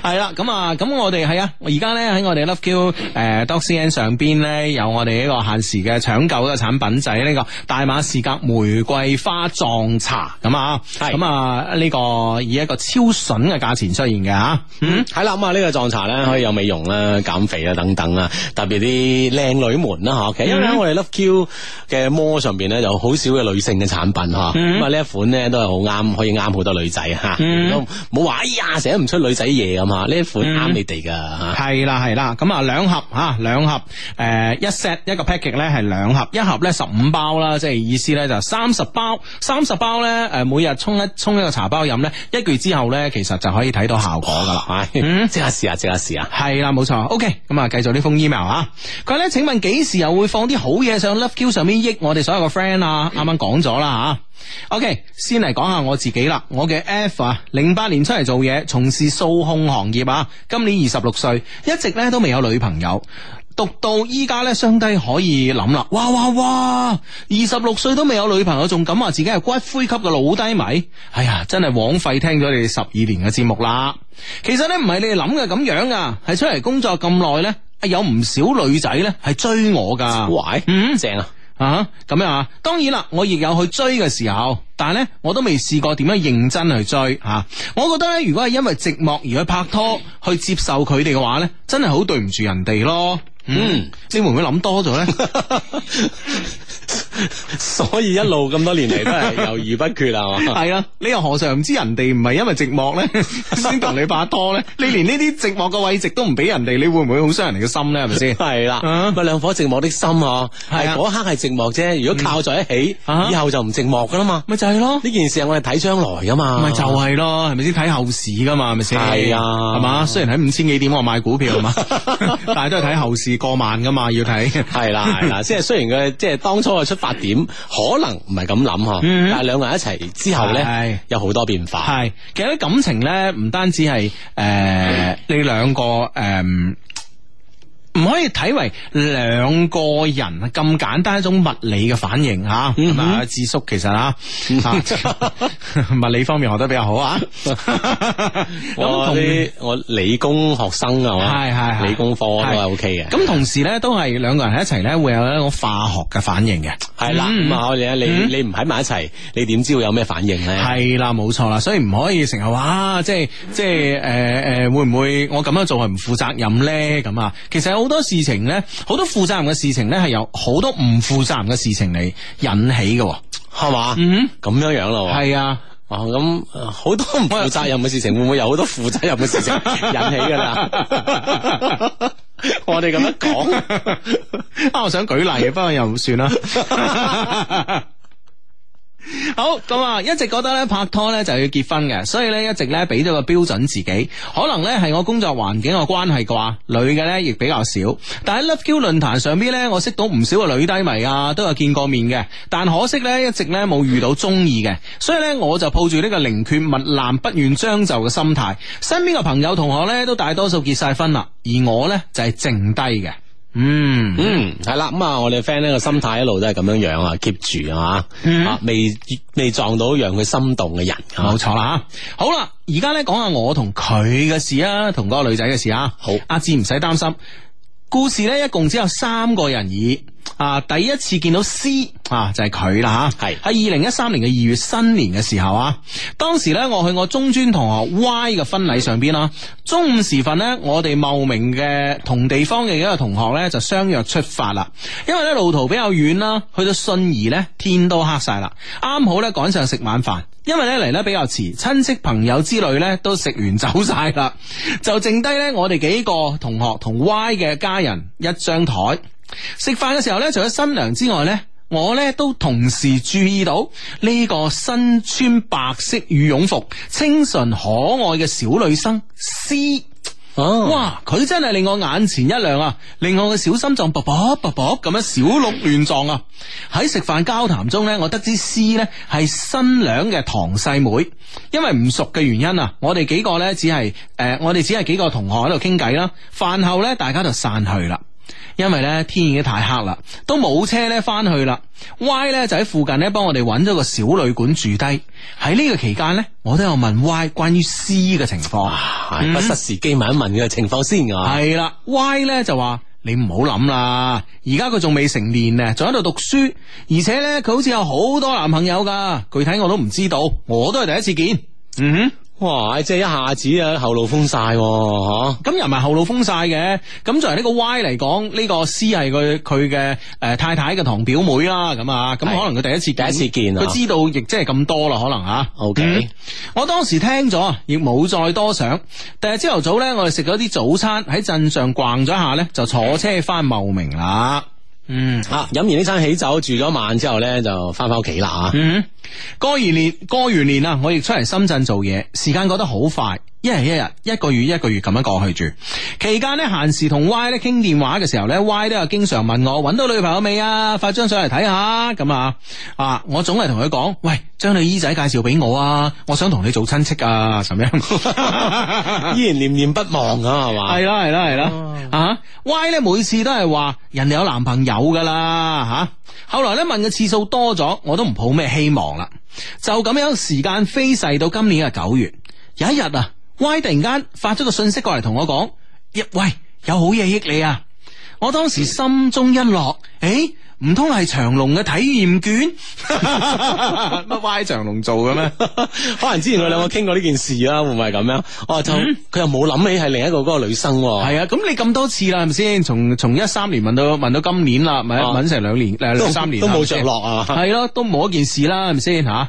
係 *laughs* 啦， *laughs* 咁啊，咁我哋係啊，呢我而家咧喺我哋 Love Q 誒 Doctor N 上邊咧有我哋呢個限時嘅搶救嘅產品仔，呢、就是、個大馬士革玫瑰花狀。茶咁啊，係咁啊呢個以一個超笋嘅價錢出現嘅吓，嗯，係啦，咁啊呢個藏茶咧可以有美容啦、減肥啦等等啦，特別啲靚女們啦嗬，因為喺我哋 Love Q 嘅摩上邊咧有好少嘅女性嘅產品嗬，咁啊呢一款咧都係好啱，可以啱好多女仔吓，都冇話哎呀寫唔出女仔嘢咁啊，呢一款啱你哋噶吓，係啦係啦，咁啊兩盒吓，兩盒誒一 set 一個 package 咧係兩盒，一盒咧十五包啦，即係意思咧就三十包，三十。包咧，誒，每日沖一沖一個茶包飲咧，一個月之後呢，其實就可以睇到效果噶啦，係 *laughs* 即刻試啊， *laughs* 即刻試啊，係啦，冇錯。O K，咁啊，繼續呢封 email 啊，佢呢請問幾時又會放啲好嘢上 LoveQ 上面益我哋所有嘅 friend 啊？啱啱講咗啦吓。O K，先嚟講下我自己啦，我嘅 F 啊，零八年出嚟做嘢，從事數控行業啊，今年二十六歲，一直呢都未有女朋友。讀到依家呢，相低可以諗啦！哇哇哇，二十六歲都未有女朋友，仲敢話自己係骨灰級嘅老低迷？哎呀，真係枉費聽咗你哋十二年嘅節目啦！其實呢，唔係你哋諗嘅咁樣噶，係出嚟工作咁耐呢，有唔少女仔呢係追我噶，喂嗯正啊啊咁樣啊！當然啦，我亦有去追嘅時候，但係呢，我都未試過點樣認真去追吓、啊。我覺得呢，如果係因為寂寞而去拍拖，去接受佢哋嘅話呢，真係好對唔住人哋咯。嗯，你會唔會諗多咗咧？所以一路咁多年嚟都係猶豫不決啊嘛。係啊，你又何嘗唔知人哋唔係因為寂寞咧先同你拍拖咧？你連呢啲寂寞嘅位置都唔俾人哋，你會唔會好傷人哋嘅心咧？係咪先？係啦，兩顆寂寞的心，係嗰刻係寂寞啫。如果靠在一起，以後就唔寂寞噶啦嘛。咪就係咯，呢件事係我哋睇將來噶嘛。咪就係咯，係咪先睇後市噶嘛？係咪先？係啊，係嘛？雖然喺五千幾點我買股票啊嘛，但係都係睇後市。過萬噶嘛，要睇係啦，係啦，即係雖然佢即係當初嘅出發點可能唔係咁諗嗬， *laughs* 但係兩個人一齊之後咧，係的有好多變化。係，其實啲感情咧，唔單止係誒，呃、的你兩個誒。呃唔可以睇為兩個人咁簡單一種物理嘅反應吓，係咪啊？智叔其實啊 *laughs* 物理方面學得比較好啊。我 *laughs* 同我理工學生啊，係係理工科都係 O K 嘅。咁同時咧，都係兩個人喺一齊咧，會有一種化學嘅反應嘅。係啦，咁啊，你你你唔喺埋一齊，你點、嗯、知會有咩反應咧？係啦，冇錯啦，所以唔可以成日話即係即係誒誒，會唔會我咁樣做係唔負責任咧？咁啊，其實好多事情咧，好多負責任嘅事情咧，係由好多唔負責任嘅事情嚟引起嘅，係嘛？嗯，咁樣樣咯，係啊，啊咁好多唔負責任嘅事情，會唔會有好多負責任嘅事情引起噶啦？我哋咁樣講，啊 *laughs* *laughs* 我想舉例，不過又唔算啦。 *laughs* 好咁啊，一直覺得咧，拍拖咧就要結婚嘅，所以咧一直咧俾咗個標準自己，可能咧係我工作環境個關係啩，女嘅咧亦比較少。但喺 LoveQ 論壇上邊咧，我識到唔少個女低迷啊，都有見過面嘅，但可惜咧一直咧冇遇到中意嘅，所以咧我就抱住呢個寧缺勿濫、不願將就嘅心態。身邊嘅朋友同學咧都大多數結晒婚啦，而我咧就係剩低嘅。嗯、mm hmm. 嗯，係啦，咁、mm hmm. 啊，我哋 friend 呢個心態一路都係咁樣樣啊，keep 住啊，吓未未撞到讓佢心動嘅人，冇錯啦吓。好啦，而家咧講下我同佢嘅事啊，同嗰個女仔嘅事啊。好，阿智唔使擔心，故事咧一共只有三個人而已。啊！第一次見到 C 啊，就係佢啦吓，係喺二零一三年嘅二月新年嘅時候啊。當時咧，我去我中專同學 Y 嘅婚禮上邊啦。中午時分咧，我哋茂名嘅同地方嘅一個同學咧就相約出發啦。因為咧路途比較遠啦，去到信宜咧天都黑晒啦。啱好咧趕上食晚飯，因為咧嚟得比較遲，親戚朋友之類咧都食完走晒啦，就剩低咧我哋幾個同學同 Y 嘅家人一張台。食飯嘅時候呢，除咗新娘之外呢，我呢都同時注意到呢個身穿白色羽絨服、清純可愛嘅小女生 C。C oh. 哇，佢真係令我眼前一亮啊！令我嘅小心臟卜卜卜卜咁樣小鹿亂撞啊！喺食飯交談中呢，我得知 C 呢係新娘嘅堂細妹，妹。因為唔熟嘅原因啊，我哋幾個呢只係誒、呃，我哋只係幾個同學喺度傾偈啦。飯後呢，大家就散去啦。因為咧天已經太黑啦，都冇車咧翻去啦。Y 咧就喺附近咧幫我哋揾咗個小旅館住低。喺呢個期間咧，我都有問 Y 關於 C 嘅情況，不失時機問一問嘅情況先啊。係啦、嗯，Y 咧就話你唔好諗啦，而家佢仲未成年啊，仲喺度讀書，而且咧佢好似有好多男朋友噶，具體我都唔知道，我都係第一次見。嗯哼。哇！即係一下子啊，後路封晒，啊，吓咁又唔係後路封晒嘅。咁作為呢個 Y 嚟講，呢，這個 C 係佢佢嘅誒太太嘅堂表妹啦。咁啊，咁、嗯、可能佢第一次第一次見，佢知道亦即係咁多啦，可能吓。啊、o Okay K，、嗯、我當時聽咗，亦冇再多想。第日朝頭早咧，我哋食咗啲早餐，喺鎮上逛咗下咧，就坐車翻茂名啦。嗯，吓啊，飲完呢餐喜酒，住咗晚之後咧，就翻翻屋企啦吓。嗯哼過，過完年過完年啊，我亦出嚟深圳做嘢，時間過得好快。一日一日，一個月一個月咁樣過去住。期間呢，閒時同 Y 咧傾電話嘅時候呢，Y 都有經常問我搵到女朋友未啊？發張相嚟睇下咁啊！啊，我總係同佢講：，喂，將你姨仔介紹俾我啊！我想同你做親戚啊！咁樣， *laughs* 依然念念不忘啊，係嘛？ *laughs* 係啦，係啦，係啦，啊！啊，Y 咧每次都係話人哋有男朋友噶啦吓。後來咧問嘅次數多咗，我都唔抱咩希望啦。就咁樣時間飛逝到今年嘅九月，有一日啊。y 突然間發咗個信息過嚟同我講：，一喂，有好嘢益你啊！我當時心中一樂，誒、欸。唔通係長隆嘅體驗券？乜 *laughs* Y 長隆做嘅咩？ *laughs* 可能之前佢兩個傾過呢件事啦，會唔係咁樣？哦，就佢、嗯、又冇諗起係另一個嗰個女生。係啊，咁你咁多次啦，係咪先？從從一三年問到問到今年啦，咪、啊？問成兩年誒，啊、三年都冇着落啊？係咯、啊，都冇一件事啦，係咪先吓？誒、啊，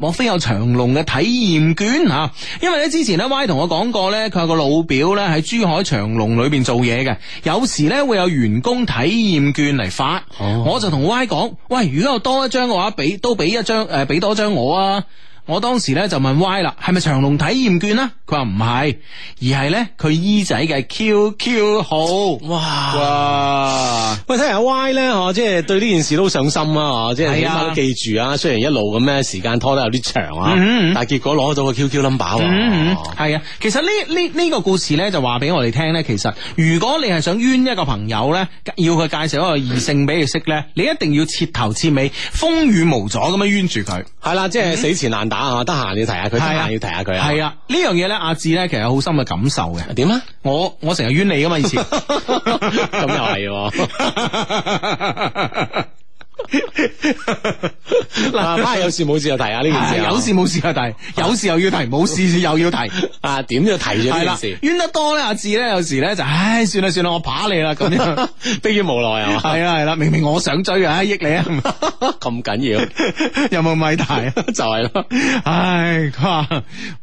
莫、欸、非有長隆嘅體驗券吓？因為咧之前咧 Y 同我講過咧，佢有個老表咧喺珠海長隆裏邊做嘢嘅，有時咧會有員工體驗券嚟發。啊我就同 Y 講，喂，如果有多一張嘅話，俾都俾一張，誒、呃，俾多一張我啊。我當時咧就問 Y 啦，係咪長隆體驗券 Q Q 哇、哎 y、呢？佢話唔係，而係咧佢姨仔嘅 QQ 號。哇！喂，睇下 Y 咧，嗬，即係對呢件事都上心啊！即係起碼都記住啊。雖然一路咁咧，時間拖得有啲長嗯嗯 Q Q 啊，但係結果攞到個 QQnumber。係啊。其實呢呢呢個故事咧就話俾我哋聽咧，其實如果你係想冤一個朋友咧，要佢介紹一個異性俾佢識咧，你一定要徹頭徹尾風雨無阻咁樣冤住佢。係啦，即係死纏爛。打下，得閒要提下佢，得閒要提下佢。啊，係啊，呢、啊、樣嘢咧，阿志咧其實好深嘅感受嘅。點啊？啊我我成日冤你噶嘛，以前咁又係。嗱，有事冇事就提啊呢件事，有事冇事啊提，有事又要提，冇事又又要提啊，點都要提咗呢件事，冤得多咧，阿志咧有時咧就，唉，算啦算啦，我扒你啦，咁樣逼於無奈啊，係啦係啦，明明我想追啊，益你啊，咁緊要有冇米大啊，就係咯，唉，哇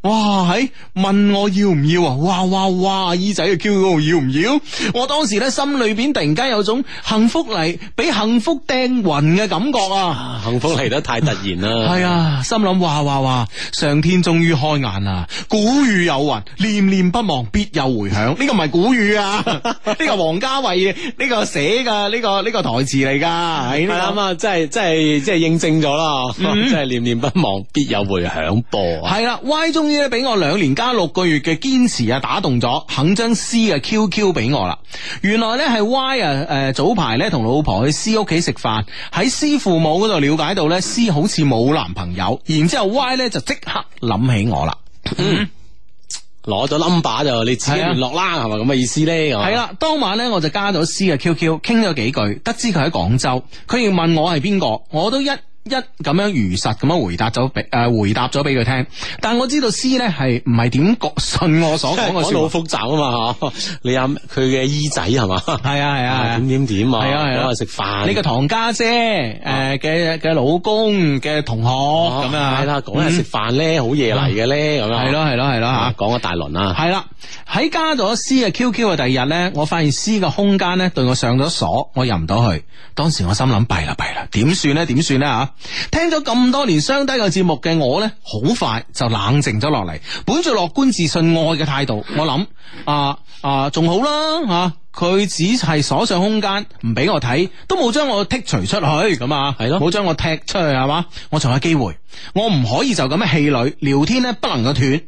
哇喺問我要唔要啊，哇哇哇姨仔嘅 Q 號要唔要？我當時咧心裏邊突然間有種幸福嚟，俾幸福掟暈。嘅感覺啊，幸福嚟得太突然啦！係啊，啊，心諗哇哇哇，上天終於開眼啦！古語有云：念念不忘，必有回響。呢 *laughs* 個唔係古語啊，呢個 *laughs* 王家衛呢、這個寫嘅呢個呢、這個台詞嚟噶。係啊，咁、這個、 *laughs* 啊，真係真係真係應證咗啦！真係 *laughs* 念念不忘，必有回響噃。係啦、嗯 *laughs* 啊，Y 終於咧俾我兩年加六個月嘅堅持啊，打動咗，肯將 C 嘅 QQ 俾我啦。原來咧係 Y 啊、呃，誒、呃，早排咧同老婆去 C 屋企食飯喺。師父母度了解到咧，師好似冇男朋友，然之後 Y 咧就即刻諗起我啦，攞咗 number 就你自己聯絡啦，係咪咁嘅意思咧？係啦，啊，當晚咧我就加咗師嘅 QQ，傾咗幾句，得知佢喺廣州，佢要問我係邊個，我都一。一咁樣如實咁樣回答咗俾誒，回答咗俾佢聽。但我知道 C 咧係唔係點覺信我所講嘅。即係好複雜啊嘛，吓，你有佢嘅姨仔係嘛？係啊係啊，點點點啊，啊，係啊，係啊，食飯。你個堂家姐誒嘅嘅老公嘅同學咁啊。係啦，講下食飯咧，好嘢嚟嘅咧，咁樣。係咯係咯係咯吓，講一大輪啦。係啦，喺加咗 C 嘅 QQ 嘅第二日咧，我發現 C 個空間咧對我上咗鎖，我入唔到去。當時我心諗，弊啦弊啦，點算咧？點算咧？吓！聽咗咁多年雙低嘅節目嘅我呢，好快就冷靜咗落嚟。本住樂觀、自信、愛嘅態度，我諗啊啊，仲好啦吓，佢、啊、只係鎖上空間，唔俾我睇，都冇將我剔除出去咁、哦、啊，係咯，冇將我踢出去係嘛，我仲有機會。我唔可以就咁樣氣餒，聊天咧不能夠斷，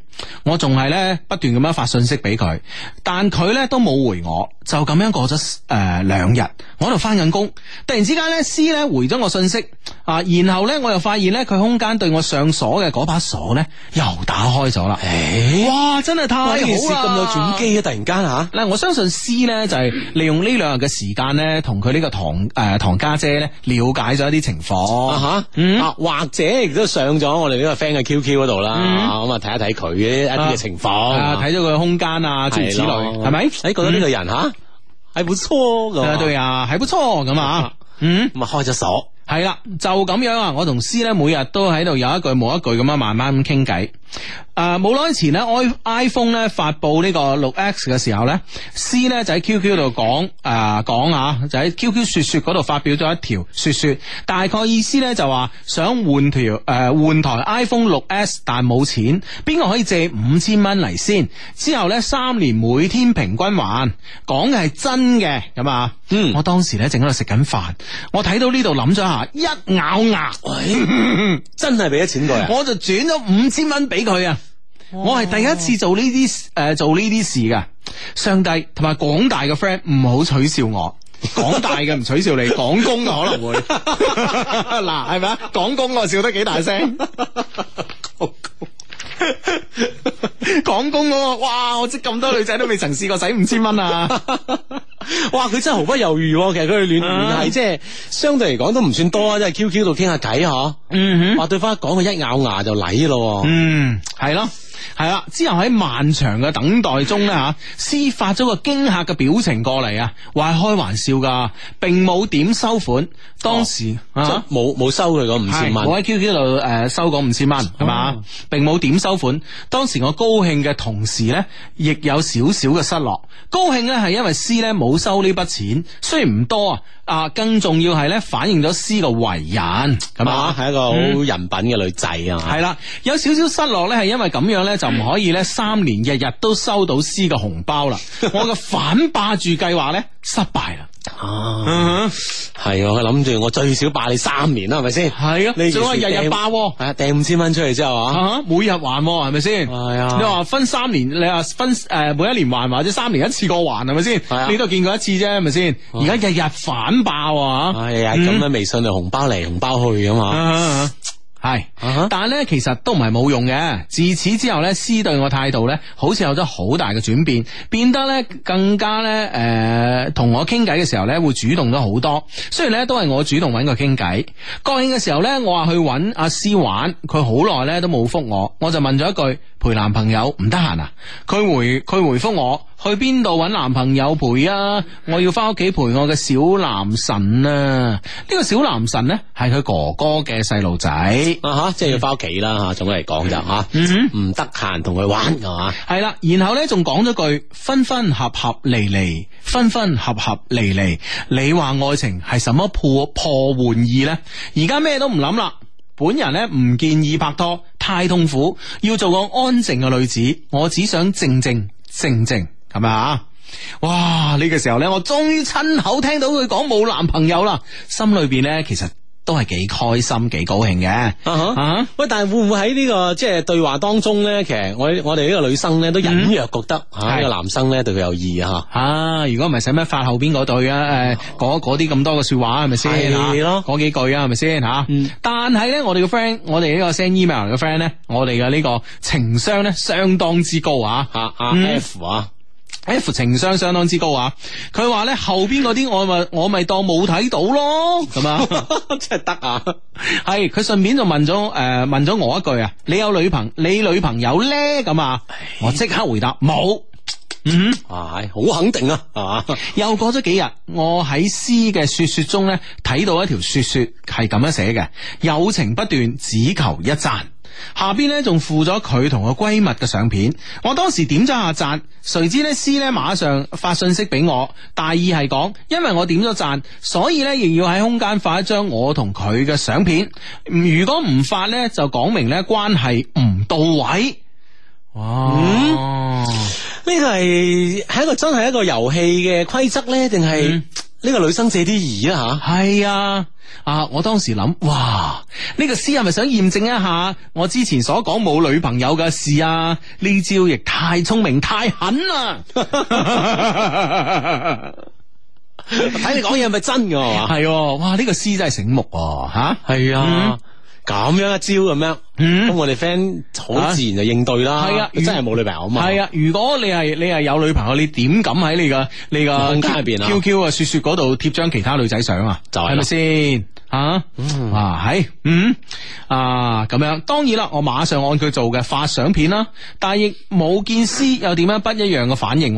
我仲係咧不斷咁樣發信息俾佢，但佢咧都冇回我，就咁樣過咗誒兩日，我喺度翻緊工，突然之間咧 C 咧回咗我信息啊，然後呢，我又發現咧佢空間對我上鎖嘅嗰把鎖咧又打開咗啦，誒、欸，哇，真係太好，好啦，咁有轉機啊，突然間吓，嗱，我相信 C 呢就係利用呢兩日嘅時間呢，同佢呢個堂誒堂家姐呢了解咗一啲情況吓，啊、哈嗯、啊，或者亦都。上咗我哋呢個 friend 嘅 QQ 嗰度啦，咁啊睇一睇佢一啲嘅情況，睇咗佢嘅空間啊，諸如此類，係咪吧？誒、欸，覺得呢個人吓係唔錯嘅，對、嗯、啊，係唔錯咁啊，嗯，咁啊、嗯、開咗鎖，係啦，就咁樣啊，我同 C 咧每日都喺度有一句冇一句咁樣慢慢咁傾偈。誒，冇耐、呃、前咧，iPhone 咧發布呢個六 X 嘅時候咧，C 咧就喺 QQ 度講，誒講啊，就喺 QQ 說、呃、說、說說嗰度發表咗一條說說，大概意思咧就話想換條誒、呃、換台 iPhone 六 S，但冇錢，邊個可以借五千蚊嚟先？之後咧三年每天平均還，講嘅係真嘅咁啊。嗯，我當時咧正喺度食緊飯，我睇到呢度諗咗下，一咬牙，哎、真係俾咗錢佢，我就轉咗五千蚊俾佢啊。我係第一次做呢啲誒做呢啲事嘅，上帝同埋廣大嘅 friend 唔好取笑我，廣大嘅唔取笑你，講公嘅可能會，嗱係咪啊？講公我笑得幾大聲？講公我哇！我知咁多女仔都未曾試過使五千蚊啊！哇！佢真係毫不猶豫，其實佢係亂，係即係相對嚟講都唔算多啊，即係 Q Q 度傾下偈嗬。嗯哼，話對方講佢一咬牙就嚟咯。嗯，係咯。係啦，之後喺漫長嘅等待中咧吓，師 *laughs* 發咗個驚嚇嘅表情過嚟，啊，話係開玩笑噶，並冇點收款，當時冇冇、哦啊、收佢嗰五千蚊，我喺 QQ 度誒、呃、收嗰五千蚊，係嘛，哦、並冇點收款。當時我高興嘅同時咧，亦有少少嘅失落。高興咧係因為師咧冇收呢筆錢，雖然唔多啊。啊，更重要係咧，反映咗詩個為人，係咪啊？係一個好人品嘅女仔啊，係啦、嗯，有少少失落咧，係因為咁樣咧，就唔可以咧，三年日日都收到詩嘅紅包啦， *laughs* 我嘅反霸住計劃咧失敗啦。啊，係我諗住我最少霸你三年啦，係咪先？係的要啊，仲話日日霸，係啊，掟五千蚊出嚟之後啊，uh、huh，每日還，係咪先？係啊、uh，huh。你話分三年，你話分誒、呃、每一年還，或者三年一次過還，係咪先？Uh huh。你都見過一次啫，係咪先？而家、uh huh。日日反霸啊，係啊，咁樣微信嚟紅包嚟紅包去啊嘛。Huh huh. 係，但係咧，其實都唔係冇用嘅。自此之後咧，詩對我態度咧，好似有咗好大嘅轉變，變得咧更加咧，誒、呃，同我傾偈嘅時候咧，會主動咗好多。雖然咧都係我主動揾佢傾偈，國慶嘅時候咧，我話去揾阿詩玩，佢好耐咧都冇覆我，我就問咗一句，陪男朋友唔得閒啊？佢回佢回覆我。去邊度揾男朋友陪啊？我要翻屋企陪我嘅小男神啊！呢個小男神呢係佢哥哥嘅細路仔啊，吓即係要翻屋企啦吓。總嚟講就吓唔得閒同佢玩，係嘛係啦。然後呢，仲講咗句分分合合離離，離離分分合合，離離。你話愛情係什麼破破玩意呢？而家咩都唔諗啦。本人呢唔建議拍拖，太痛苦，要做個安靜嘅女子。我只想靜靜靜靜。靜靜係咪啊？哇！呢、呢個時候咧，我終於親口聽到佢講冇男朋友啦，心裏邊咧其實都係幾開心、幾高興嘅吓喂，啊哈啊、但係會唔會喺呢、呢個即係、就是、對話當中咧？其實我我哋呢個女生咧都隱約覺得吓呢個男生咧對佢有意吓、啊。如果唔係使乜發後邊嗰對啊？誒、嗯，嗰啲咁多嘅說話係咪先吓？嗰幾句啊，係咪先吓？嗯、但係咧，我哋嘅 friend，我哋呢個 send email 嘅 friend 咧，我哋嘅呢個情商咧相當之高啊！啊，F、嗯、啊。F 情商相當之高啊！佢話咧後邊嗰啲我咪我咪當冇睇到咯，咁啊， *laughs* 真係得啊！係佢順便就問咗誒、呃，問咗我一句啊，你有女朋友你女朋友咧？咁啊，我即刻回答冇唉，嗯，係好肯定啊，係 *laughs* 又過咗幾日，我喺詩嘅說說中咧睇到一條說說係咁樣寫嘅：友情不斷，只求一讚。下邊咧仲附咗佢同個閨蜜嘅相片，我當時點咗下贊，誰知咧師咧馬上發信息俾我，大意係講，因為我點咗贊，所以咧亦要喺空間發一張我同佢嘅相片，如果唔發咧就講明咧關係唔到位。哦哇，呢個係係一個真係一個遊戲嘅規則呢？定係呢個女生借啲意啊吓？係、嗯、啊。啊！我當時諗，哇！呢、這個詩係咪想驗證一下我之前所講冇女朋友嘅事啊？呢招亦太聰明太狠啦！睇 *laughs* *laughs* 你講嘢係咪真噶、啊？係、 *laughs* 啊，哇！呢、這個詩真係醒目啊！吓，係啊。咁樣一招咁樣，咁、嗯、我哋 friend 好自然就應對啦。係啊，啊真係冇女朋友啊嘛。係啊，如果你係你係有女朋友，你點敢喺你個你個空間入邊啊？QQ 啊，雪雪度貼張其他女仔相啊，就係咪先？啊，啊係，嗯，啊咁樣，當然啦，我馬上按佢做嘅發相片啦，但亦冇見師有點樣不一樣嘅反應。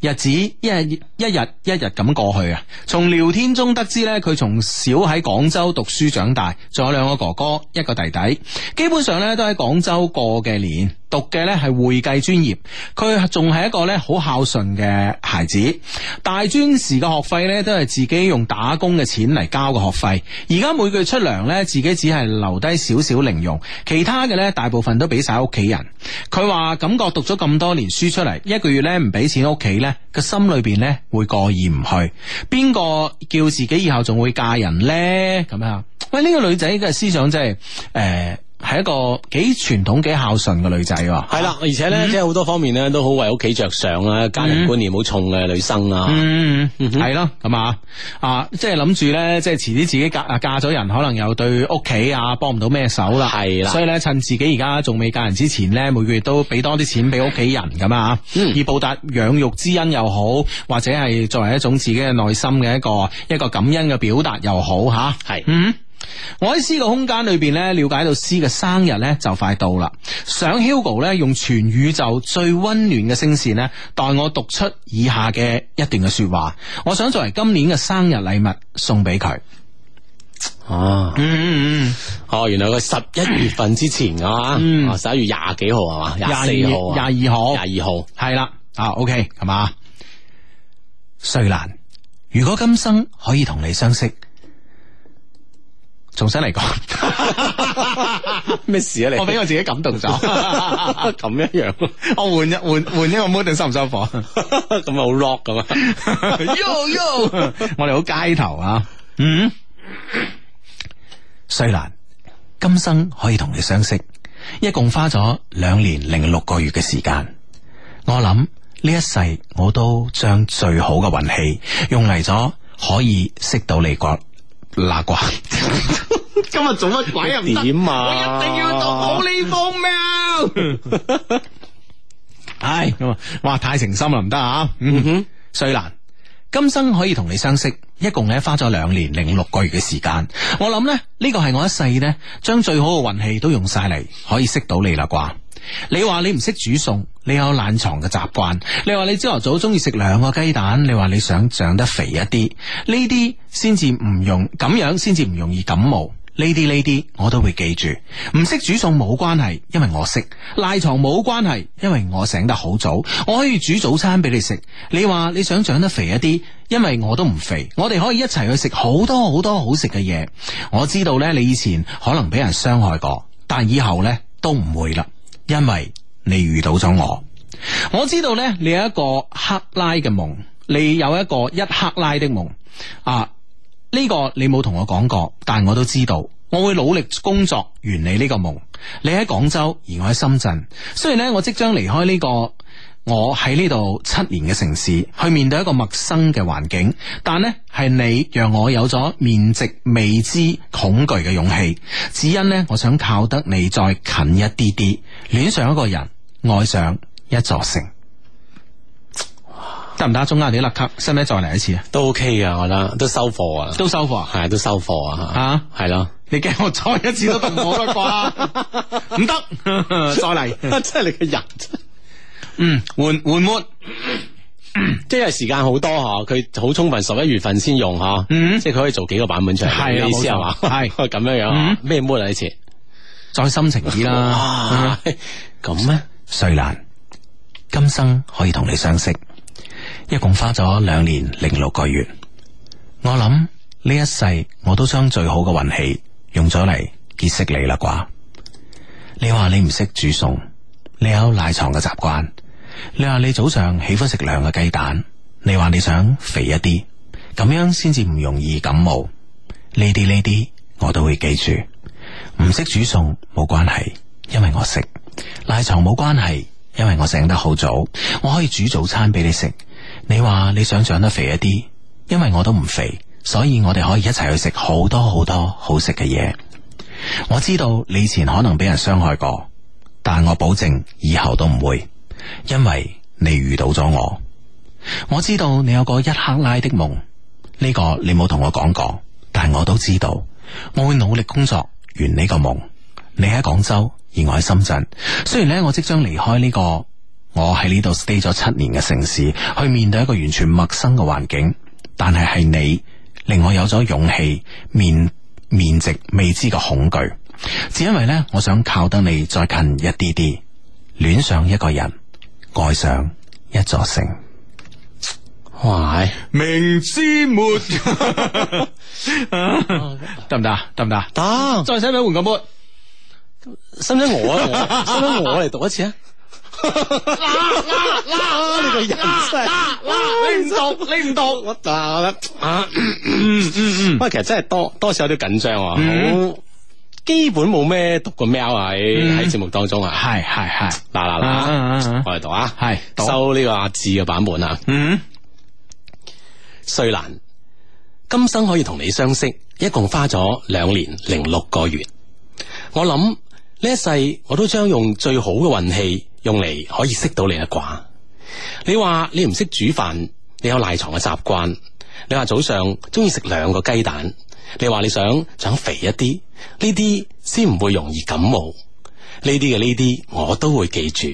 日子一日一日一日咁過去啊，從聊天中得知呢，佢從小喺廣州讀書長大，仲有兩個哥哥，一個弟弟，基本上呢都喺廣州過嘅年。讀嘅呢係會計專業，佢仲係一個呢好孝順嘅孩子。大專時嘅學費呢，都係自己用打工嘅錢嚟交嘅學費。而家每個月出糧呢，自己只係留低少少零用，其他嘅呢，大部分都俾晒屋企人。佢話感覺讀咗咁多年書出嚟，一個月呢唔俾錢屋企呢，個心裏邊呢會過意唔去。邊個叫自己以後仲會嫁人呢？咁啊，喂，呢個女仔嘅思想真係誒。呃係一個幾傳統、幾孝順嘅女仔喎。係啦、啊，而且咧，嗯、即係好多方面咧，都好為屋企着想啊。家庭觀念好重嘅女生啊、嗯。嗯，係、嗯、咯，咁、嗯、啊、嗯，啊，即係諗住咧，即係遲啲自己嫁啊嫁咗人，可能又對屋企啊幫唔到咩手啦。係啦了，所以咧，趁自己而家仲未嫁人之前咧，每個月都俾多啲錢俾屋企人咁啊。嗯、以報答養育之恩又好，或者係作為一種自己嘅內心嘅一個一個感恩嘅表達又好吓。係、啊。是嗯。我喺詩嘅空間裏邊咧，了解到詩嘅生日咧就快到啦。想 Hugo 咧用全宇宙最温暖嘅聲線咧，代我讀出以下嘅一段嘅說話。我想作為今年嘅生日禮物送俾佢、啊。哦、嗯，嗯嗯嗯，哦，原來佢十一月份之前啊，嘛、嗯，十一、哦、月廿幾號係嘛，廿四號，廿二號，廿二號，係啦日，啊，OK，係嘛。雖然，如果今生可以同你相識。重新嚟講咩事啊？你我俾我自己感動咗咁 *laughs* 樣、啊、 *laughs* 一樣，我換一換換一個 mood 收唔收房咁好 rock 咁啊！喲喲，我哋好街頭啊！ *laughs* 嗯，瑞蘭，今生可以同你相識，一共花咗兩年零六個月嘅時間。我諗呢一世我都將最好嘅運氣用嚟咗，可以識到你哥。嗱啩， *laughs* 今日做乜鬼入點 *laughs* 樣啊？我一定要做好呢方命。唉，哇！太誠心啦，唔得啊！嗯哼，瑞蘭，今生可以同你相識，一共咧花咗兩年零六個月嘅時間。我諗咧，呢個係我一世呢將最好嘅運氣都用晒嚟，可以識到你啦啩。你話你唔識煮餸？你有懶床嘅習慣，你話你朝頭早中意食兩個雞蛋，你話你想長得肥一啲，呢啲先至唔容咁樣，先至唔容易感冒。呢啲呢啲我都會記住。唔識煮餸冇關係，因為我識食，賴床冇關係，因為我醒得好早，我可以煮早餐俾你食。你話你想長得肥一啲，因為我都唔肥，我哋可以一齊去食好多好多好食嘅嘢。我知道呢，你以前可能俾人傷害過，但以後呢，都唔會啦，因為，你遇到咗我，我知道咧，你有一個克拉嘅夢，你有一個一克拉的夢啊！呢個你冇同我講過，但我都知道，我會努力工作，圓你呢個夢。你喺廣州，而我喺深圳。雖然咧，我即將離開呢個我喺呢度七年嘅城市，去面對一個陌生嘅環境，但咧係你讓我有咗面值未知恐懼嘅勇氣，只因咧，我想靠得你再近一啲啲，戀上一個人。愛上一座城，得唔得？中間，你粒卡，使唔使再嚟一次啊？都 OK 啊，我覺得都收貨啊，都收貨，係都收貨啊，吓，係咯，你驚我再一次都得唔好得啩？唔得，再嚟，真係你嘅人，嗯，換換 m 即係時間好多嗬，佢好充分，十一月份先用嗬，嗯，即係佢可以做幾個版本出嚟，係啊，冇錯，係咁樣樣，咩 m 嚟一次？再深情啲啦，咁咩？雖然，今生可以同你相識，一共花咗兩年零六個月。我諗呢一世我都將最好嘅運氣用咗嚟結識你啦啩。你話你唔識煮餸，你有賴床嘅習慣。你話你早上喜歡食兩個雞蛋，你話你想肥一啲，咁樣先至唔容易感冒。呢啲呢啲我都會記住。唔識煮餸冇關係。因為我食賴床冇關係，因為我醒得好早，我可以煮早餐俾你食。你話你想長得肥一啲，因為我都唔肥，所以我哋可以一齊去食好多好多好食嘅嘢。我知道你以前可能俾人傷害過，但我保證以後都唔會，因為你遇到咗我。我知道你有個一克拉的夢，呢個你冇同我講過，但我都知道我會努力工作，圓呢個夢。你喺廣州。而我喺深圳，雖然咧我即將離開呢個我喺呢度 stay 咗七年嘅城市，去面對一個完全陌生嘅環境，但係係你令我有咗勇氣面面直未知嘅恐懼，只因為咧我想靠得你再近一啲啲，戀上一個人，愛上一座城。喂，明知沒得唔得啊？得唔得？得，行再寫咪換個缽。使唔使我啊？我，使唔使我嚟讀一次啊？嗱嗱嗱，你個人，嗱，你唔讀，你唔讀，嗱，我咧，啊，不過其實真係多多少有啲緊張，好基本冇咩讀過喵啊。喺喺節目當中啊，係係係，嗱嗱嗱，我嚟讀啊，係，收呢個阿志嘅版本啊，嗯，瑞蘭，今生可以同你相識，一共花咗兩年零六個月，我諗。呢一世我都將用最好嘅運氣用嚟，可以識到你一卦。你話你唔識煮飯，你有賴床嘅習慣。你話早上中意食兩個雞蛋。你話你想長肥一啲，呢啲先唔會容易感冒。呢啲嘅呢啲我都會記住。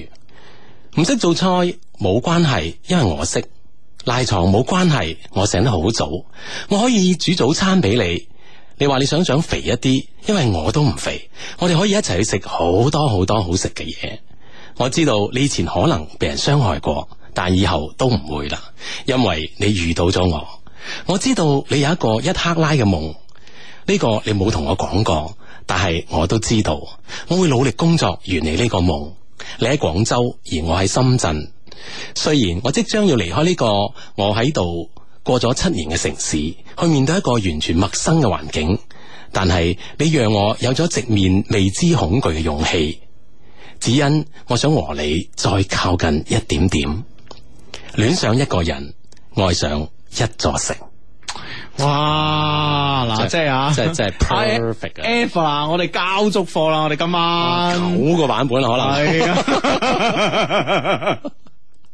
唔識做菜冇關係，因為我識賴床冇關係，我醒得好早，我可以煮早餐俾你。你話你想長肥一啲，因為我都唔肥，我哋可以一齊去食好多好多好食嘅嘢。我知道你以前可能被人傷害過，但以後都唔會啦，因為你遇到咗我。我知道你有一個一克拉嘅夢，呢個你冇同我講過，但係我都知道，我會努力工作圓你呢個夢。你喺廣州，而我喺深圳，雖然我即將要離開呢個，我喺度。過咗七年嘅城市，去面對一個完全陌生嘅環境，但係你讓我有咗直面未知恐懼嘅勇氣，只因我想和你再靠近一點點。戀上一個人，愛上一座城。哇！嗱，即係啊，即係、啊、真係 perfect 啊！F 啦，我哋交足貨啦，我哋今晚、啊、九個版本啦，可能是、啊。 *laughs*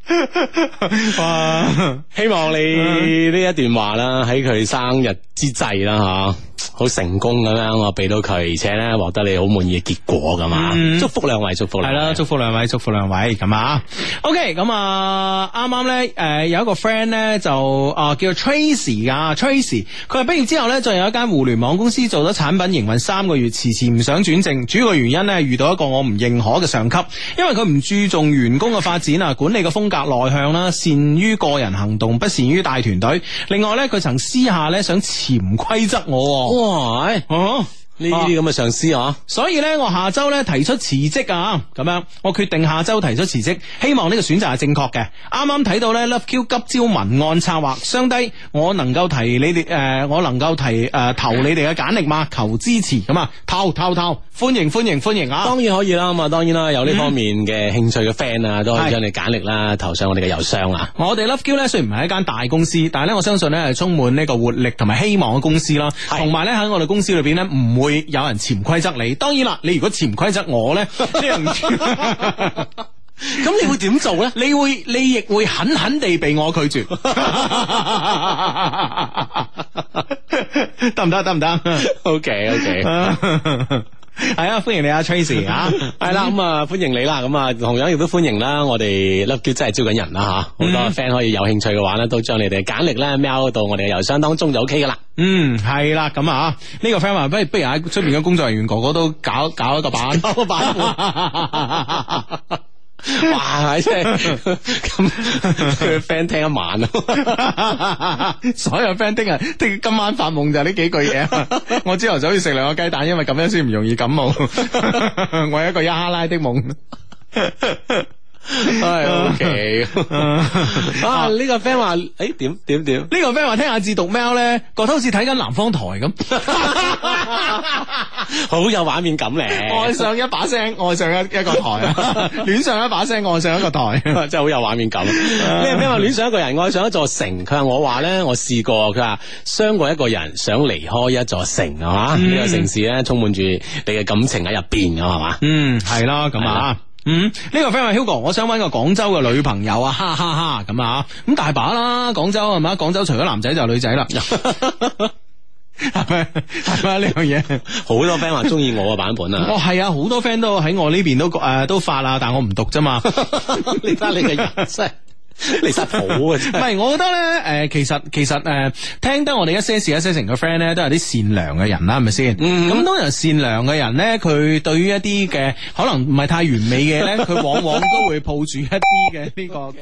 *laughs* 哇！希望你呢一段話啦，喺佢生日之際啦，吓好成功咁樣，我俾到佢，而且咧獲得你好滿意嘅結果噶嘛。嗯、祝福兩位，祝福係啦，祝福兩位，祝福兩位咁啊。OK，咁啊，啱啱咧，誒、呃，有一個 friend 咧就啊、呃，叫 Tr Tracy 噶，Tracy，佢係畢業之後咧，就有一間互聯網公司做咗產品營運三個月，遲遲唔想轉正，主要嘅原因咧，遇到一個我唔認可嘅上級，因為佢唔注重員工嘅發展啊，管理嘅風格。內向啦，善於個人行動，不善於帶團隊。另外咧，佢曾私下咧想潛規則我。哇！哎 uh huh. 呢啲咁嘅上司啊，所以呢，我下周呢提出辭職啊，咁樣我決定下周提出辭職，希望呢個選擇係正確嘅。啱啱睇到呢 *noise* Love Q 急招文案策劃，相低，我能夠提你哋誒、呃，我能夠提誒、呃、投你哋嘅簡歷嗎？求支持，咁啊投投投，投，歡迎歡迎歡迎啊！當然可以，然、啊、可以啦，咁啊當然啦， *noise* 是有呢方面嘅興趣嘅 friend 啊，都可以將你簡歷啦投上我哋嘅郵箱啊。我哋 Love Q 呢，雖然唔係一間大公司，但係呢，我相信呢，係充滿呢個活力同埋希望嘅公司啦，同埋是呢，喺我哋公司裏邊呢，唔會。會有人潛規則你，當然啦，你如果潛規則我咧，咁 *laughs* *laughs* 你會點做咧？你會，你亦會狠狠地被我拒絕，得唔得？得唔得？OK，OK。Okay, okay. *laughs* 係啊， *laughs* 歡迎你啊，Tracy 啊，係 *laughs* 啦，咁啊，歡迎你啦，咁啊，同樣亦都歡迎啦。我哋 Lab Co 真係招緊人啦吓，好、啊、多 friend 可以有興趣嘅話咧，都將你哋嘅簡歷咧瞄到我哋嘅郵箱當中就 OK 噶啦。嗯，係啦，咁啊，呢、這個 friend 話不如不如喺出邊嘅工作人員哥哥都搞搞一個版， *laughs* 搞個版。 *laughs* *laughs* 哇！即係咁，佢 friend *laughs* *laughs* 聽一晚咯， *laughs* 所有 friend 聽日聽今晚發夢就呢幾句嘢。 *laughs* 我朝頭早要食兩個雞蛋，因為咁樣先唔容易感冒。 *laughs* 我有一個哈拉的夢。 *laughs* 係 OK 啊！呢 T uber mic、哎、個 friend 話誒點點點？呢個 friend 話聽下志讀喵咧，覺得好似睇緊南方台咁，好 *laughs* 有畫面感咧、啊。 *laughs* 愛上一把聲，愛上一一個台啊！戀上一把聲，愛上一個台， *laughs* 個台 *laughs* 真係好有畫面感。呢個 friend 話戀上一個人，愛上一座城。佢話我話咧，我試過佢話傷過一個人，想離開一座城啊嘛。呢、嗯、個城市咧，充滿住你嘅感情喺入邊嘅係嘛？是是嗯，係咯咁啊。嗯，呢、這個 friend 話 Hugo，我想搵個廣州嘅女朋友啊，哈哈哈，哈，咁啊，咁大把啦，廣州係咪？廣州除咗男仔就女仔啦，係咪？ *laughs* 係咪呢樣嘢？好、這個、多 friend 話中意我嘅版本啊，哦，係啊，好多 friend 都喺我呢邊都誒、呃、都發啦，但我唔讀啫嘛， *laughs* 你睇你嘅意思。 *laughs* *laughs* 你實好啊！唔係， *laughs* 我覺得咧，誒、呃，其實其實誒、呃，聽得我哋一些事一些情嘅 friend 咧，都係啲善良嘅人啦，係咪先？咁通常善良嘅人咧，佢對於一啲嘅可能唔係太完美嘅咧，佢 *laughs* 往往都會抱住一啲嘅呢個。